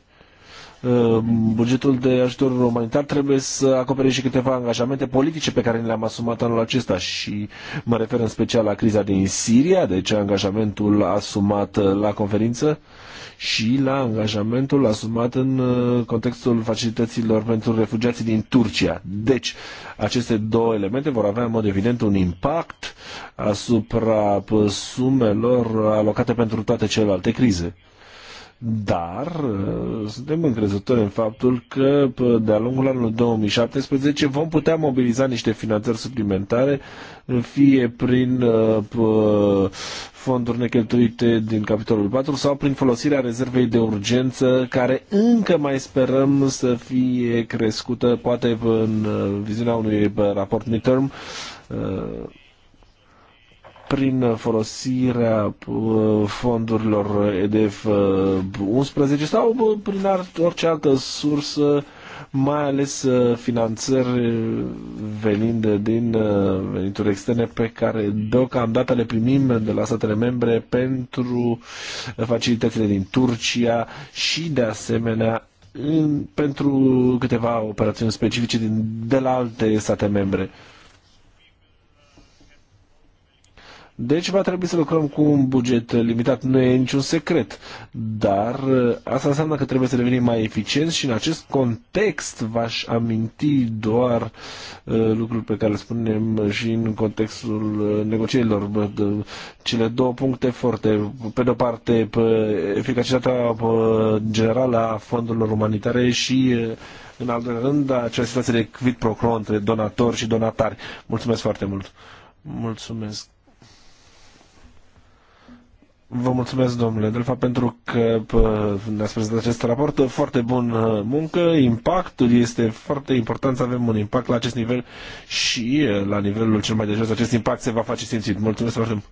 Uh, bugetul de ajutor umanitar trebuie să acopere și câteva angajamente politice pe care le-am asumat anul acesta și mă refer în special la criza din Siria, deci angajamentul asumat uh, la conferință și la angajamentul asumat în uh, contextul facilităților pentru refugiații din Turcia. Deci, aceste două elemente vor avea în mod evident un impact asupra sumelor alocate pentru toate celelalte crize dar uh, suntem încrezători în faptul că de-a lungul anului 2017 vom putea mobiliza niște finanțări suplimentare, fie prin uh, fonduri necheltuite din capitolul 4 sau prin folosirea rezervei de urgență, care încă mai sperăm să fie crescută, poate în uh, viziunea unui raport midterm, prin folosirea uh, fondurilor EDF 11 uh, sau uh, prin orice altă sursă, mai ales finanțări venind din venituri externe pe care deocamdată le primim de la statele membre pentru facilitățile din Turcia și de asemenea în, pentru câteva operațiuni specifice din, de la alte state membre. Deci va trebui să lucrăm cu un buget limitat, nu e niciun secret, dar uh, asta înseamnă că trebuie să devenim mai eficienți și în acest context v-aș aminti doar uh, lucruri pe care le spunem și în contextul uh, negocierilor, cele două puncte forte. Pe de o parte, eficacitatea generală a fondurilor umanitare și în al doilea rând, acea situație de quid pro quo între donatori și donatari. Mulțumesc foarte mult! Mulțumesc! Vă mulțumesc, domnule Delfa, pentru că ne-ați prezentat acest raport. Foarte bun uh, muncă, impactul este foarte important să avem un impact la acest nivel și uh, la nivelul cel mai de jos acest impact se va face simțit. Mulțumesc foarte mult!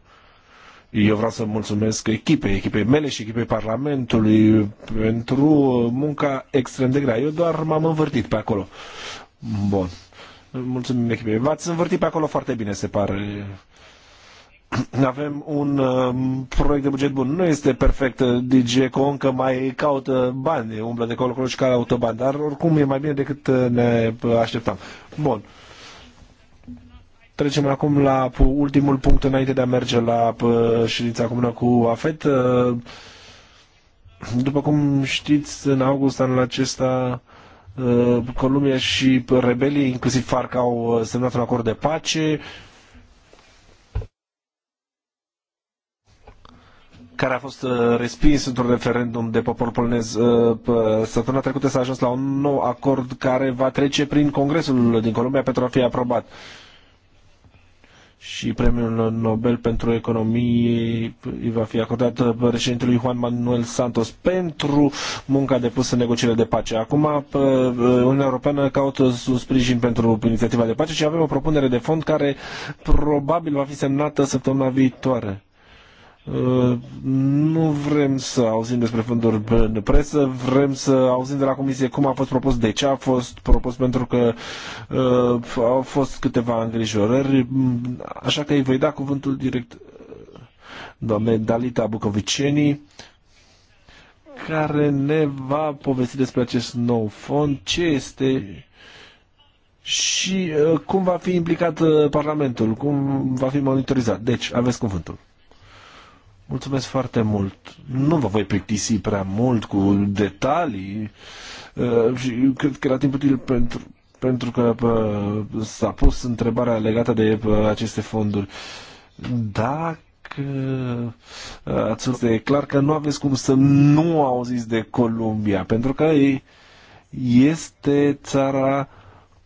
Eu vreau să mulțumesc echipei, echipei mele și echipei Parlamentului pentru munca extrem de grea. Eu doar m-am învârtit pe acolo. Bun. Mulțumim echipei. V-ați învârtit pe acolo foarte bine, se pare. avem un um, proiect de buget bun. Nu este perfect, uh, Eco, încă mai caută bani, umblă de colo-colo și caută bani, dar oricum e mai bine decât uh, ne uh, așteptam. Bun. Trecem acum la ultimul punct înainte de a merge la ședința comună cu AFET. După cum știți, în august anul acesta Columbia și rebelii, inclusiv FARC, au semnat un acord de pace care a fost uh, respins într-un referendum de popor polonez uh, săptămâna trecută, s-a ajuns la un nou acord care va trece prin Congresul din Columbia pentru a fi aprobat. Și premiul Nobel pentru economie îi va fi acordat uh, președintelui Juan Manuel Santos pentru munca depusă în negocierile de pace. Acum Uniunea Europeană caută sprijin pentru inițiativa de pace și avem o propunere de fond care probabil va fi semnată săptămâna viitoare Uh, nu vrem să auzim despre fonduri în presă, vrem să auzim de la comisie cum a fost propus, de ce a fost propus, pentru că uh, au fost câteva îngrijorări, mm, așa că îi voi da cuvântul direct uh, doamnei Dalita Bucovicenii, care ne va povesti despre acest nou fond, ce este și uh, cum va fi implicat uh, Parlamentul, cum va fi monitorizat. Deci, aveți cuvântul. Mulțumesc foarte mult. Nu vă voi plictisi prea mult cu detalii uh, și cred că era timp util pentru, pentru că uh, s-a pus întrebarea legată de uh, aceste fonduri. Dacă uh, ați e clar că nu aveți cum să nu auziți de Columbia, pentru că este țara uh,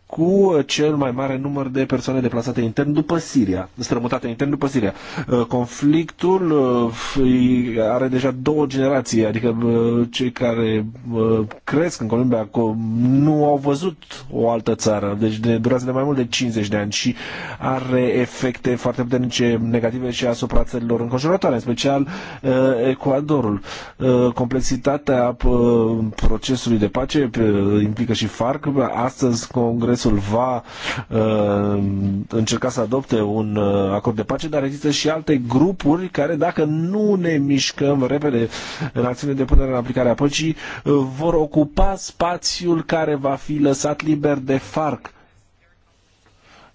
cu cel mai mare număr de persoane deplasate intern după Siria, strămutate intern după Siria. Uh, conflictul uh, are deja două generații, adică uh, cei care cresc în Columbia nu au văzut o altă țară, deci de durează de mai mult de 50 de ani și are efecte foarte puternice negative și asupra țărilor înconjurătoare, în special Ecuadorul. Complexitatea procesului de pace implică și FARC. Astăzi Congresul Congresul va uh, încerca să adopte un uh, acord de pace, dar există și alte grupuri care, dacă nu ne mișcăm repede în acțiune de punere în aplicare a păcii, uh, vor ocupa spațiul care va fi lăsat liber de FARC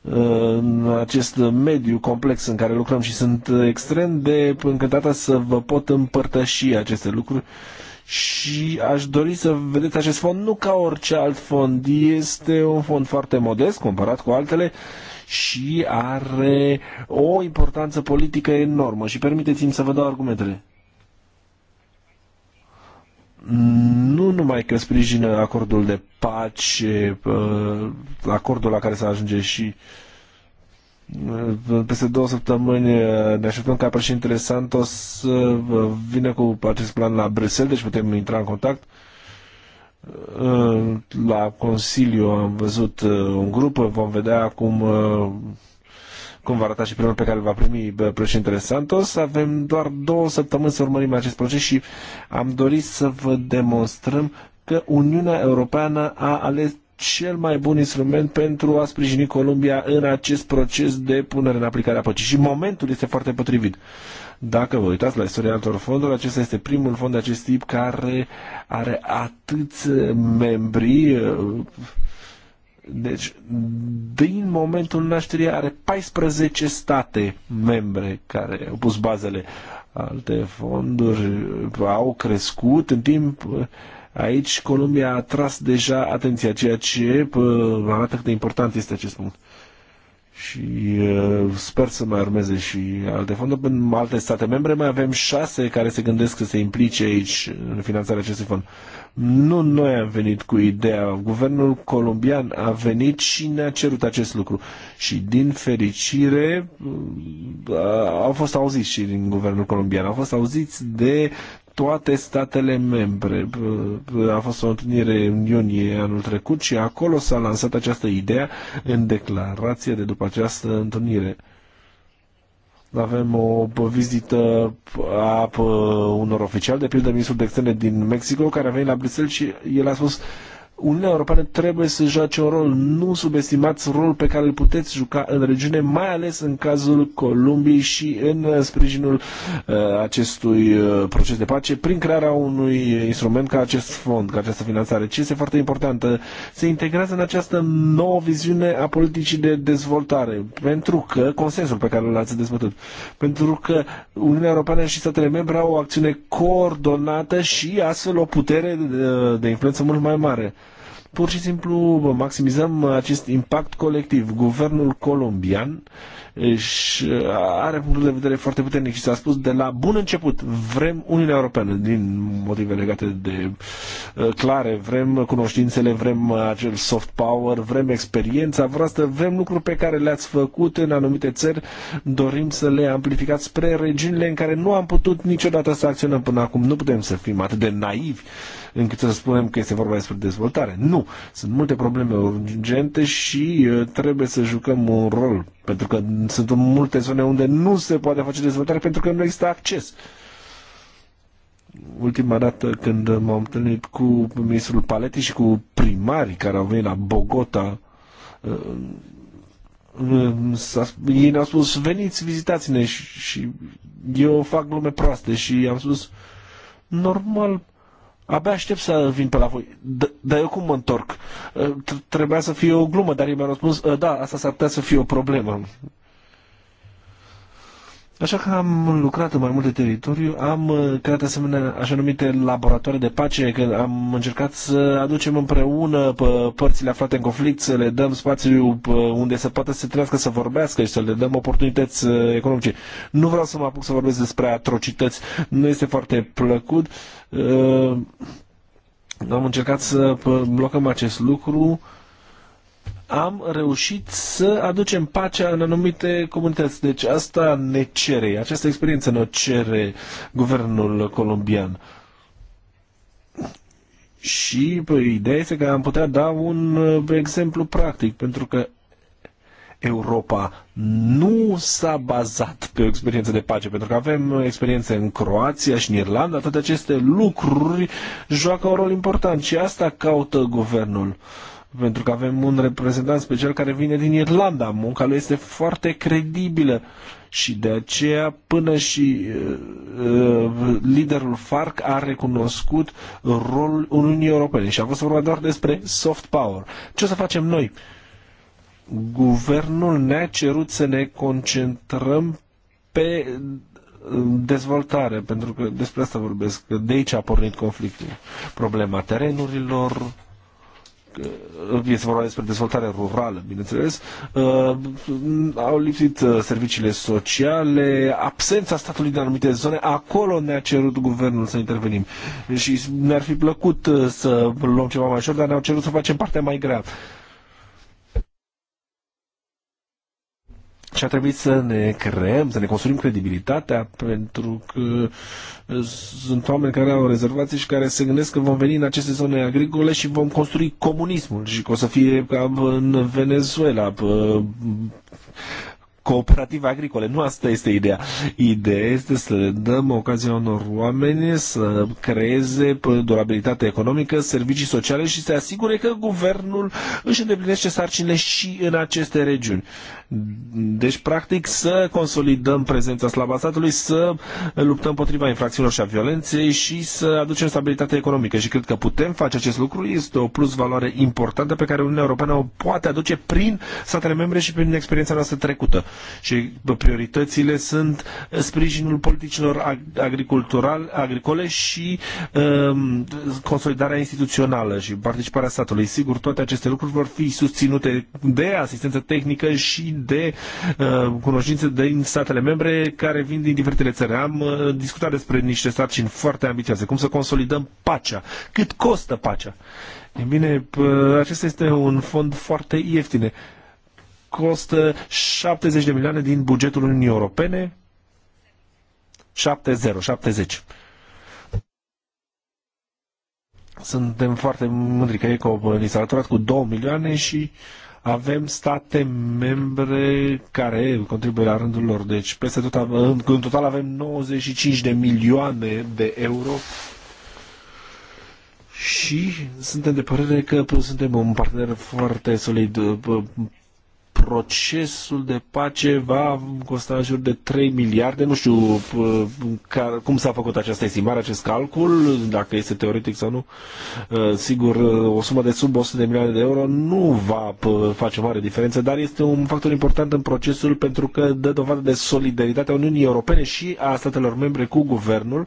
uh, în acest mediu complex în care lucrăm și sunt extrem de încântată să vă pot împărtăși aceste lucruri. Uh, și aș dori să vedeți acest fond nu ca orice alt fond. Este un fond foarte modest comparat cu altele și are o importanță politică enormă. Și permiteți-mi să vă dau argumentele nu numai că sprijină acordul de pace, uh, acordul la care se ajunge și peste două săptămâni eh, ne așteptăm ca președintele Santos să eh, vină cu acest plan la Bruxelles, deci putem intra în contact. Eh, la Consiliu am văzut un grup, vom vedea cum, cum va arăta și primul pe care îl va primi președintele Santos. Avem doar două săptămâni să urmărim acest proces și am dorit să vă demonstrăm că Uniunea Europeană a ales cel mai bun instrument pentru a sprijini Columbia în acest proces de punere în aplicare a păcii. Și momentul este foarte potrivit. Dacă vă uitați la istoria altor fonduri, acesta este primul fond de acest tip care are atâți membri. Deci, din momentul nașterii are 14 state membre care au pus bazele. Alte fonduri au crescut în timp Aici Columbia a tras deja atenția, ceea ce arată cât de important este acest punct. Și sper să mai urmeze și alte fonduri. În alte state membre mai avem șase care se gândesc să se implice aici în finanțarea acestui fond. Nu noi am venit cu ideea. Guvernul colombian a venit și ne-a cerut acest lucru. Și din fericire au fost auziți și din guvernul colombian. Au fost auziți de toate statele membre. A fost o întâlnire în iunie anul trecut și acolo s-a lansat această idee în declarație de după această întâlnire. Avem o vizită a unor oficiali, de pildă ministrul de externe din Mexico, care a venit la Bruxelles și el a spus uh, Uniunea Europeană trebuie să joace un rol. Nu subestimați rolul pe care îl puteți juca în regiune, mai ales în cazul Columbiei și în uh, sprijinul uh, acestui uh, proces de pace prin crearea unui instrument ca acest fond, ca această finanțare. Ce este foarte importantă? Se integrează în această nouă viziune a politicii de dezvoltare, pentru că consensul pe care l-ați dezbătut, pentru că Uniunea Europeană și statele membre au o acțiune coordonată și astfel o putere de, uh, de influență mult mai mare pur și simplu maximizăm acest impact colectiv. Guvernul colombian își are punctul de vedere foarte puternic și s-a spus de la bun început vrem Uniunea Europeană din motive legate de uh, clare, vrem cunoștințele, vrem uh, acel soft power, vrem experiența voastră, vrem lucruri pe care le-ați făcut în anumite țări, dorim să le amplificați spre regiunile în care nu am putut niciodată să acționăm până acum. Nu putem să fim atât de naivi încât să spunem că este vorba despre dezvoltare. Nu. Sunt multe probleme urgente și uh, trebuie să jucăm un rol. Pentru că sunt multe zone unde nu se poate face dezvoltare pentru că nu există acces ultima dată când m-am întâlnit cu ministrul Paleti și cu primarii care au venit la Bogota, uh, uh, ei ne-au spus, veniți, vizitați-ne și, și eu fac glume proaste și am spus, normal, Abia aștept să vin pe la voi. Dar eu cum mă întorc? Ă, trebuia să fie o glumă, dar ei mi-au răspuns, ă, da, asta s-ar putea să fie o problemă. Așa că am lucrat în mai multe teritoriu, am uh, creat asemenea așa numite laboratoare de pace, că am încercat să aducem împreună pe părțile aflate în conflict, să le dăm spațiu unde să poată să se trăiască, să vorbească și să le dăm oportunități uh, economice. Nu vreau să mă apuc să vorbesc despre atrocități, nu este foarte plăcut. Uh, am încercat să blocăm acest lucru am reușit să aducem pacea în anumite comunități. Deci asta ne cere, această experiență ne cere guvernul colombian. Și păi, ideea este că am putea da un uh, exemplu practic, pentru că Europa nu s-a bazat pe o experiență de pace, pentru că avem experiențe în Croația și în Irlanda, toate aceste lucruri joacă un rol important și asta caută guvernul pentru că avem un reprezentant special care vine din Irlanda. Munca lui este foarte credibilă și de aceea până și uh, uh, liderul FARC a recunoscut rolul Uniunii Europene și a fost vorba doar despre soft power. Ce o să facem noi? Guvernul ne-a cerut să ne concentrăm pe uh, dezvoltare, pentru că despre asta vorbesc, că de aici a pornit conflictul. Problema terenurilor, Uh, este vorba despre dezvoltare rurală, bineînțeles, uh, au lipsit uh, serviciile sociale, absența statului din anumite zone, acolo ne-a cerut guvernul să intervenim. Și ne-ar fi plăcut să luăm ceva mai ușor, dar ne-au cerut să facem partea mai grea. și a trebuit să ne creăm, să ne construim credibilitatea, pentru că uh, sunt oameni care au rezervații și care se gândesc că vom veni în aceste zone agricole și vom construi comunismul și că o să fie ca în Venezuela uh, cooperative agricole. Nu asta este ideea. Ideea este să le dăm ocazia unor oameni să creeze durabilitate economică, servicii sociale și să asigure că guvernul își îndeplinește sarcinile și în aceste regiuni. Deci, practic, să consolidăm prezența slabă statului, să luptăm împotriva infracțiunilor și a violenței și să aducem stabilitate economică. Și cred că putem face acest lucru. Este o plus valoare importantă pe care Uniunea Europeană o poate aduce prin statele membre și prin experiența noastră trecută. Și prioritățile sunt sprijinul politicilor agricole și um, consolidarea instituțională și participarea statului. Sigur, toate aceste lucruri vor fi susținute de asistență tehnică și de uh, cunoștințe din statele membre care vin din diferitele țări. Am uh, discutat despre niște sarcini foarte ambițioase, cum să consolidăm pacea, cât costă pacea. E bine, uh, acesta este un fond foarte ieftin. Costă 70 de milioane din bugetul Uniunii Europene. 70, 70 suntem foarte mândri că ECO ni s-a alăturat cu 2 milioane și avem state membre care contribuie la rândul lor, deci peste tot, în, în total avem 95 de milioane de euro și suntem de părere că suntem un partener foarte solid procesul de pace va costa în jur de 3 miliarde. Nu știu uh, cum s-a făcut această estimare, acest calcul, dacă este teoretic sau nu. Uh, sigur, uh, o sumă de sub 100 de milioane de euro nu va face mare diferență, dar este un factor important în procesul pentru că dă dovadă de solidaritatea Uniunii Europene și a statelor membre cu guvernul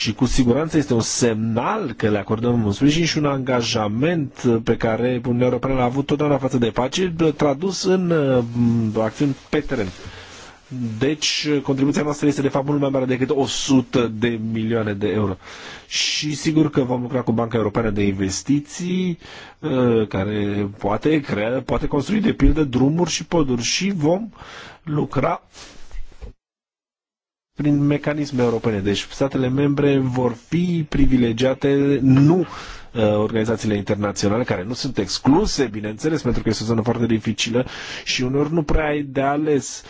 și cu siguranță este un semnal că le acordăm un sprijin și un angajament pe care Uniunea Europeană l-a avut totdeauna față de pace, tradus în uh, acțiuni pe teren. Deci, contribuția noastră este de fapt mult mai mare decât 100 de milioane de euro. Și sigur că vom lucra cu Banca Europeană de Investiții, uh, care poate, crea, poate construi de pildă drumuri și poduri și vom lucra prin mecanisme europene. Deci statele membre vor fi privilegiate, nu uh, organizațiile internaționale, care nu sunt excluse, bineînțeles, pentru că este o zonă foarte dificilă și unor nu prea ai de ales.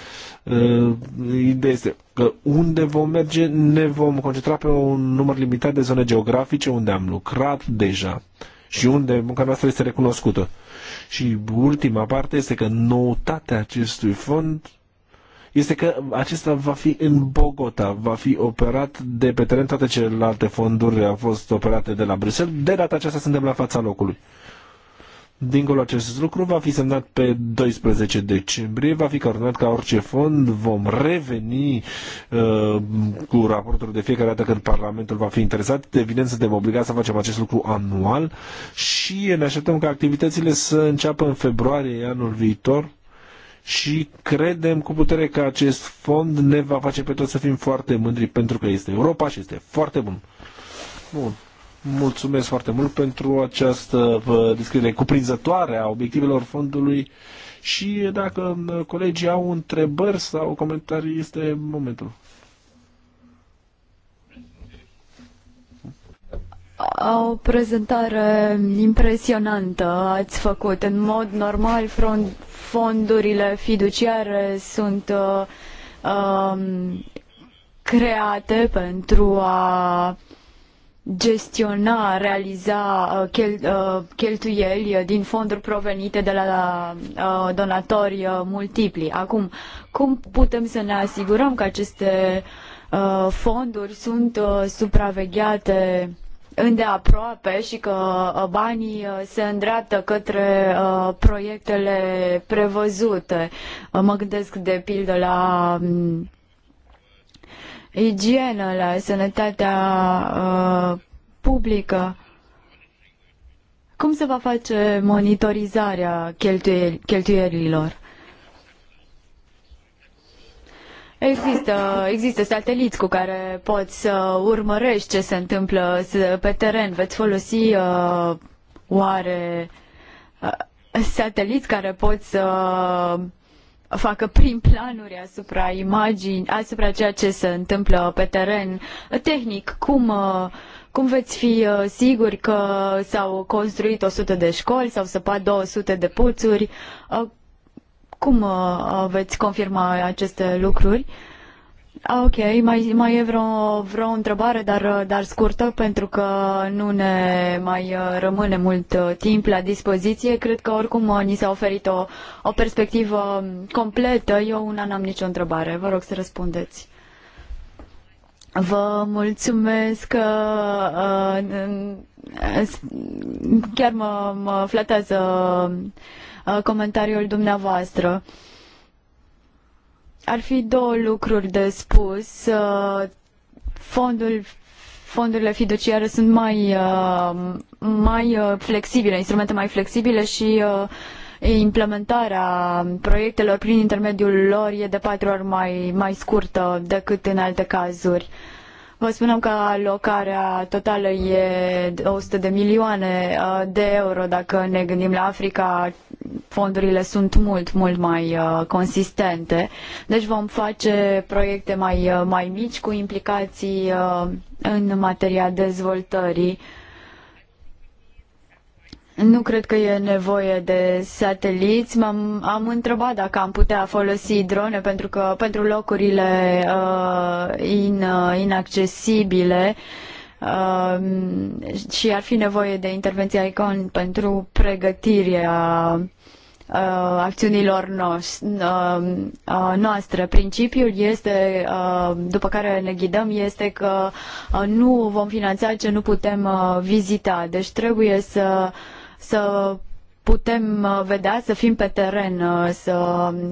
Uh, ideea este că unde vom merge, ne vom concentra pe un număr limitat de zone geografice unde am lucrat deja și unde munca noastră este recunoscută. Și ultima parte este că noutatea acestui fond este că acesta va fi în Bogota, va fi operat de pe teren, toate celelalte fonduri au fost operate de la Bruxelles, de data aceasta suntem la fața locului. Dincolo acest lucru va fi semnat pe 12 decembrie, va fi coordonat ca orice fond, vom reveni uh, cu raportul de fiecare dată când Parlamentul va fi interesat. Evident, suntem obligați să facem acest lucru anual și ne așteptăm ca activitățile să înceapă în februarie anul viitor și credem cu putere că acest fond ne va face pe toți să fim foarte mândri pentru că este Europa și este foarte bun. Bun. Mulțumesc foarte mult pentru această descriere cuprinzătoare a obiectivelor fondului și dacă colegii au întrebări sau comentarii, este momentul. O prezentare impresionantă ați făcut. În mod normal, fondurile fiduciare sunt uh, um, create pentru a gestiona, realiza uh, chel, uh, cheltuieli din fonduri provenite de la uh, donatori multipli. Acum, cum putem să ne asigurăm că aceste fonduri sunt supravegheate îndeaproape și că uh, banii uh, se îndreaptă către uh, proiectele prevăzute. Mă gândesc de pildă la mm, igienă, la sănătatea publică. Cum se va face monitorizarea cheltuielilor? Există, există sateliți cu care poți să urmărești ce se întâmplă pe teren. Veți folosi uh, oare uh, sateliți care pot să facă prin planuri asupra imagini, asupra ceea ce se întâmplă pe teren tehnic, cum, uh, cum veți fi uh, siguri că s-au construit 100 de școli, s-au săpat 200 de puțuri, uh, cum uh, veți confirma aceste lucruri? Ok, mai, mai e vreo, vreo întrebare, dar, uh, dar scurtă, pentru că nu ne mai uh, rămâne mult timp la dispoziție. Cred că oricum ni s-a oferit o, o perspectivă completă. Eu una n-am nicio întrebare. Vă rog să răspundeți. Vă mulțumesc că uh, chiar mă, mă flatează Uh, comentariul dumneavoastră. Ar fi două lucruri de spus. Uh, fondul fondurile fiduciare sunt mai, uh, mai flexibile, instrumente mai flexibile și implementarea proiectelor prin intermediul lor e de patru ori mai, mai scurtă decât în alte cazuri. Uh, Vă spunem că alocarea totală e 100 de milioane uh, de euro. Dacă ne gândim la Africa, fondurile sunt mult, mult mai uh, consistente. Deci vom face proiecte mai, uh, mai mici cu implicații în materia dezvoltării nu cred că e nevoie de sateliți. M-am am întrebat dacă am putea folosi drone pentru că pentru locurile uh, in, uh, inaccesibile uh, și ar fi nevoie de intervenția ICON pentru pregătirea uh, acțiunilor noș- uh, uh, noastre. Principiul este, uh, după care ne ghidăm, este că uh, nu vom finanța ce nu putem uh, vizita. Deci trebuie să uh, să putem uh, vedea, să fim pe teren, uh, să,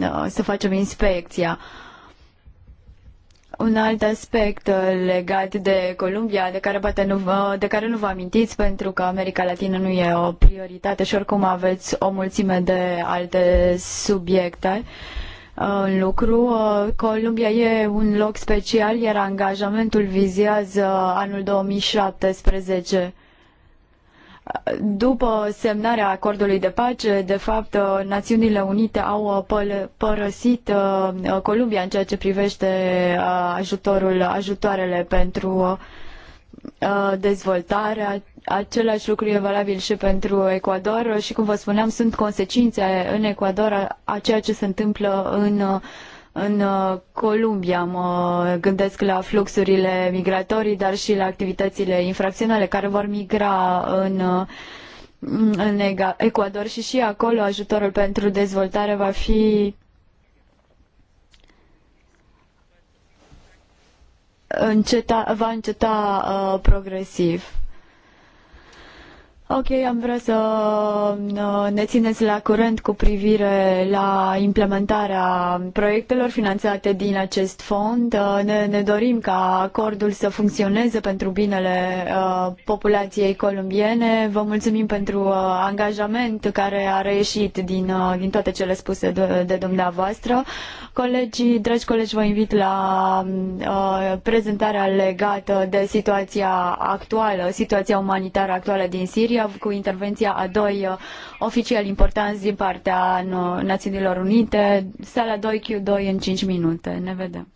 uh, să facem inspecția. Un alt aspect legat de Columbia, de care poate nu vă, de care nu vă amintiți, pentru că America Latină nu e o prioritate și oricum aveți o mulțime de alte subiecte în lucru. Columbia e un loc special, iar angajamentul vizează anul 2017 după semnarea acordului de pace, de fapt, Națiunile Unite au uh, părăsit uh, Columbia în ceea ce privește uh, ajutorul, ajutoarele pentru dezvoltare. Același lucru e valabil și pentru Ecuador și, cum vă spuneam, sunt consecințe în Ecuador a ceea ce se întâmplă în în uh, Columbia. Mă gândesc la fluxurile migratorii, dar și la activitățile infracționale care vor migra în, uh, în Ecuador și și acolo ajutorul pentru dezvoltare va fi înceta, va înceta uh, progresiv. Ok, am vrea să uh, ne țineți la curent cu privire la implementarea proiectelor finanțate din acest fond. Uh, ne, ne dorim ca acordul să funcționeze pentru binele uh, populației colombiene. Vă mulțumim pentru angajament care a reieșit din, din toate cele spuse de, de dumneavoastră. Colegii, dragi colegi, vă invit la prezentarea legată de situația actuală, situația umanitară actuală din Siria Libia cu intervenția a doi uh, oficiali importanți din partea uh, Națiunilor Unite. Sala 2Q2 în 5 minute. Ne vedem.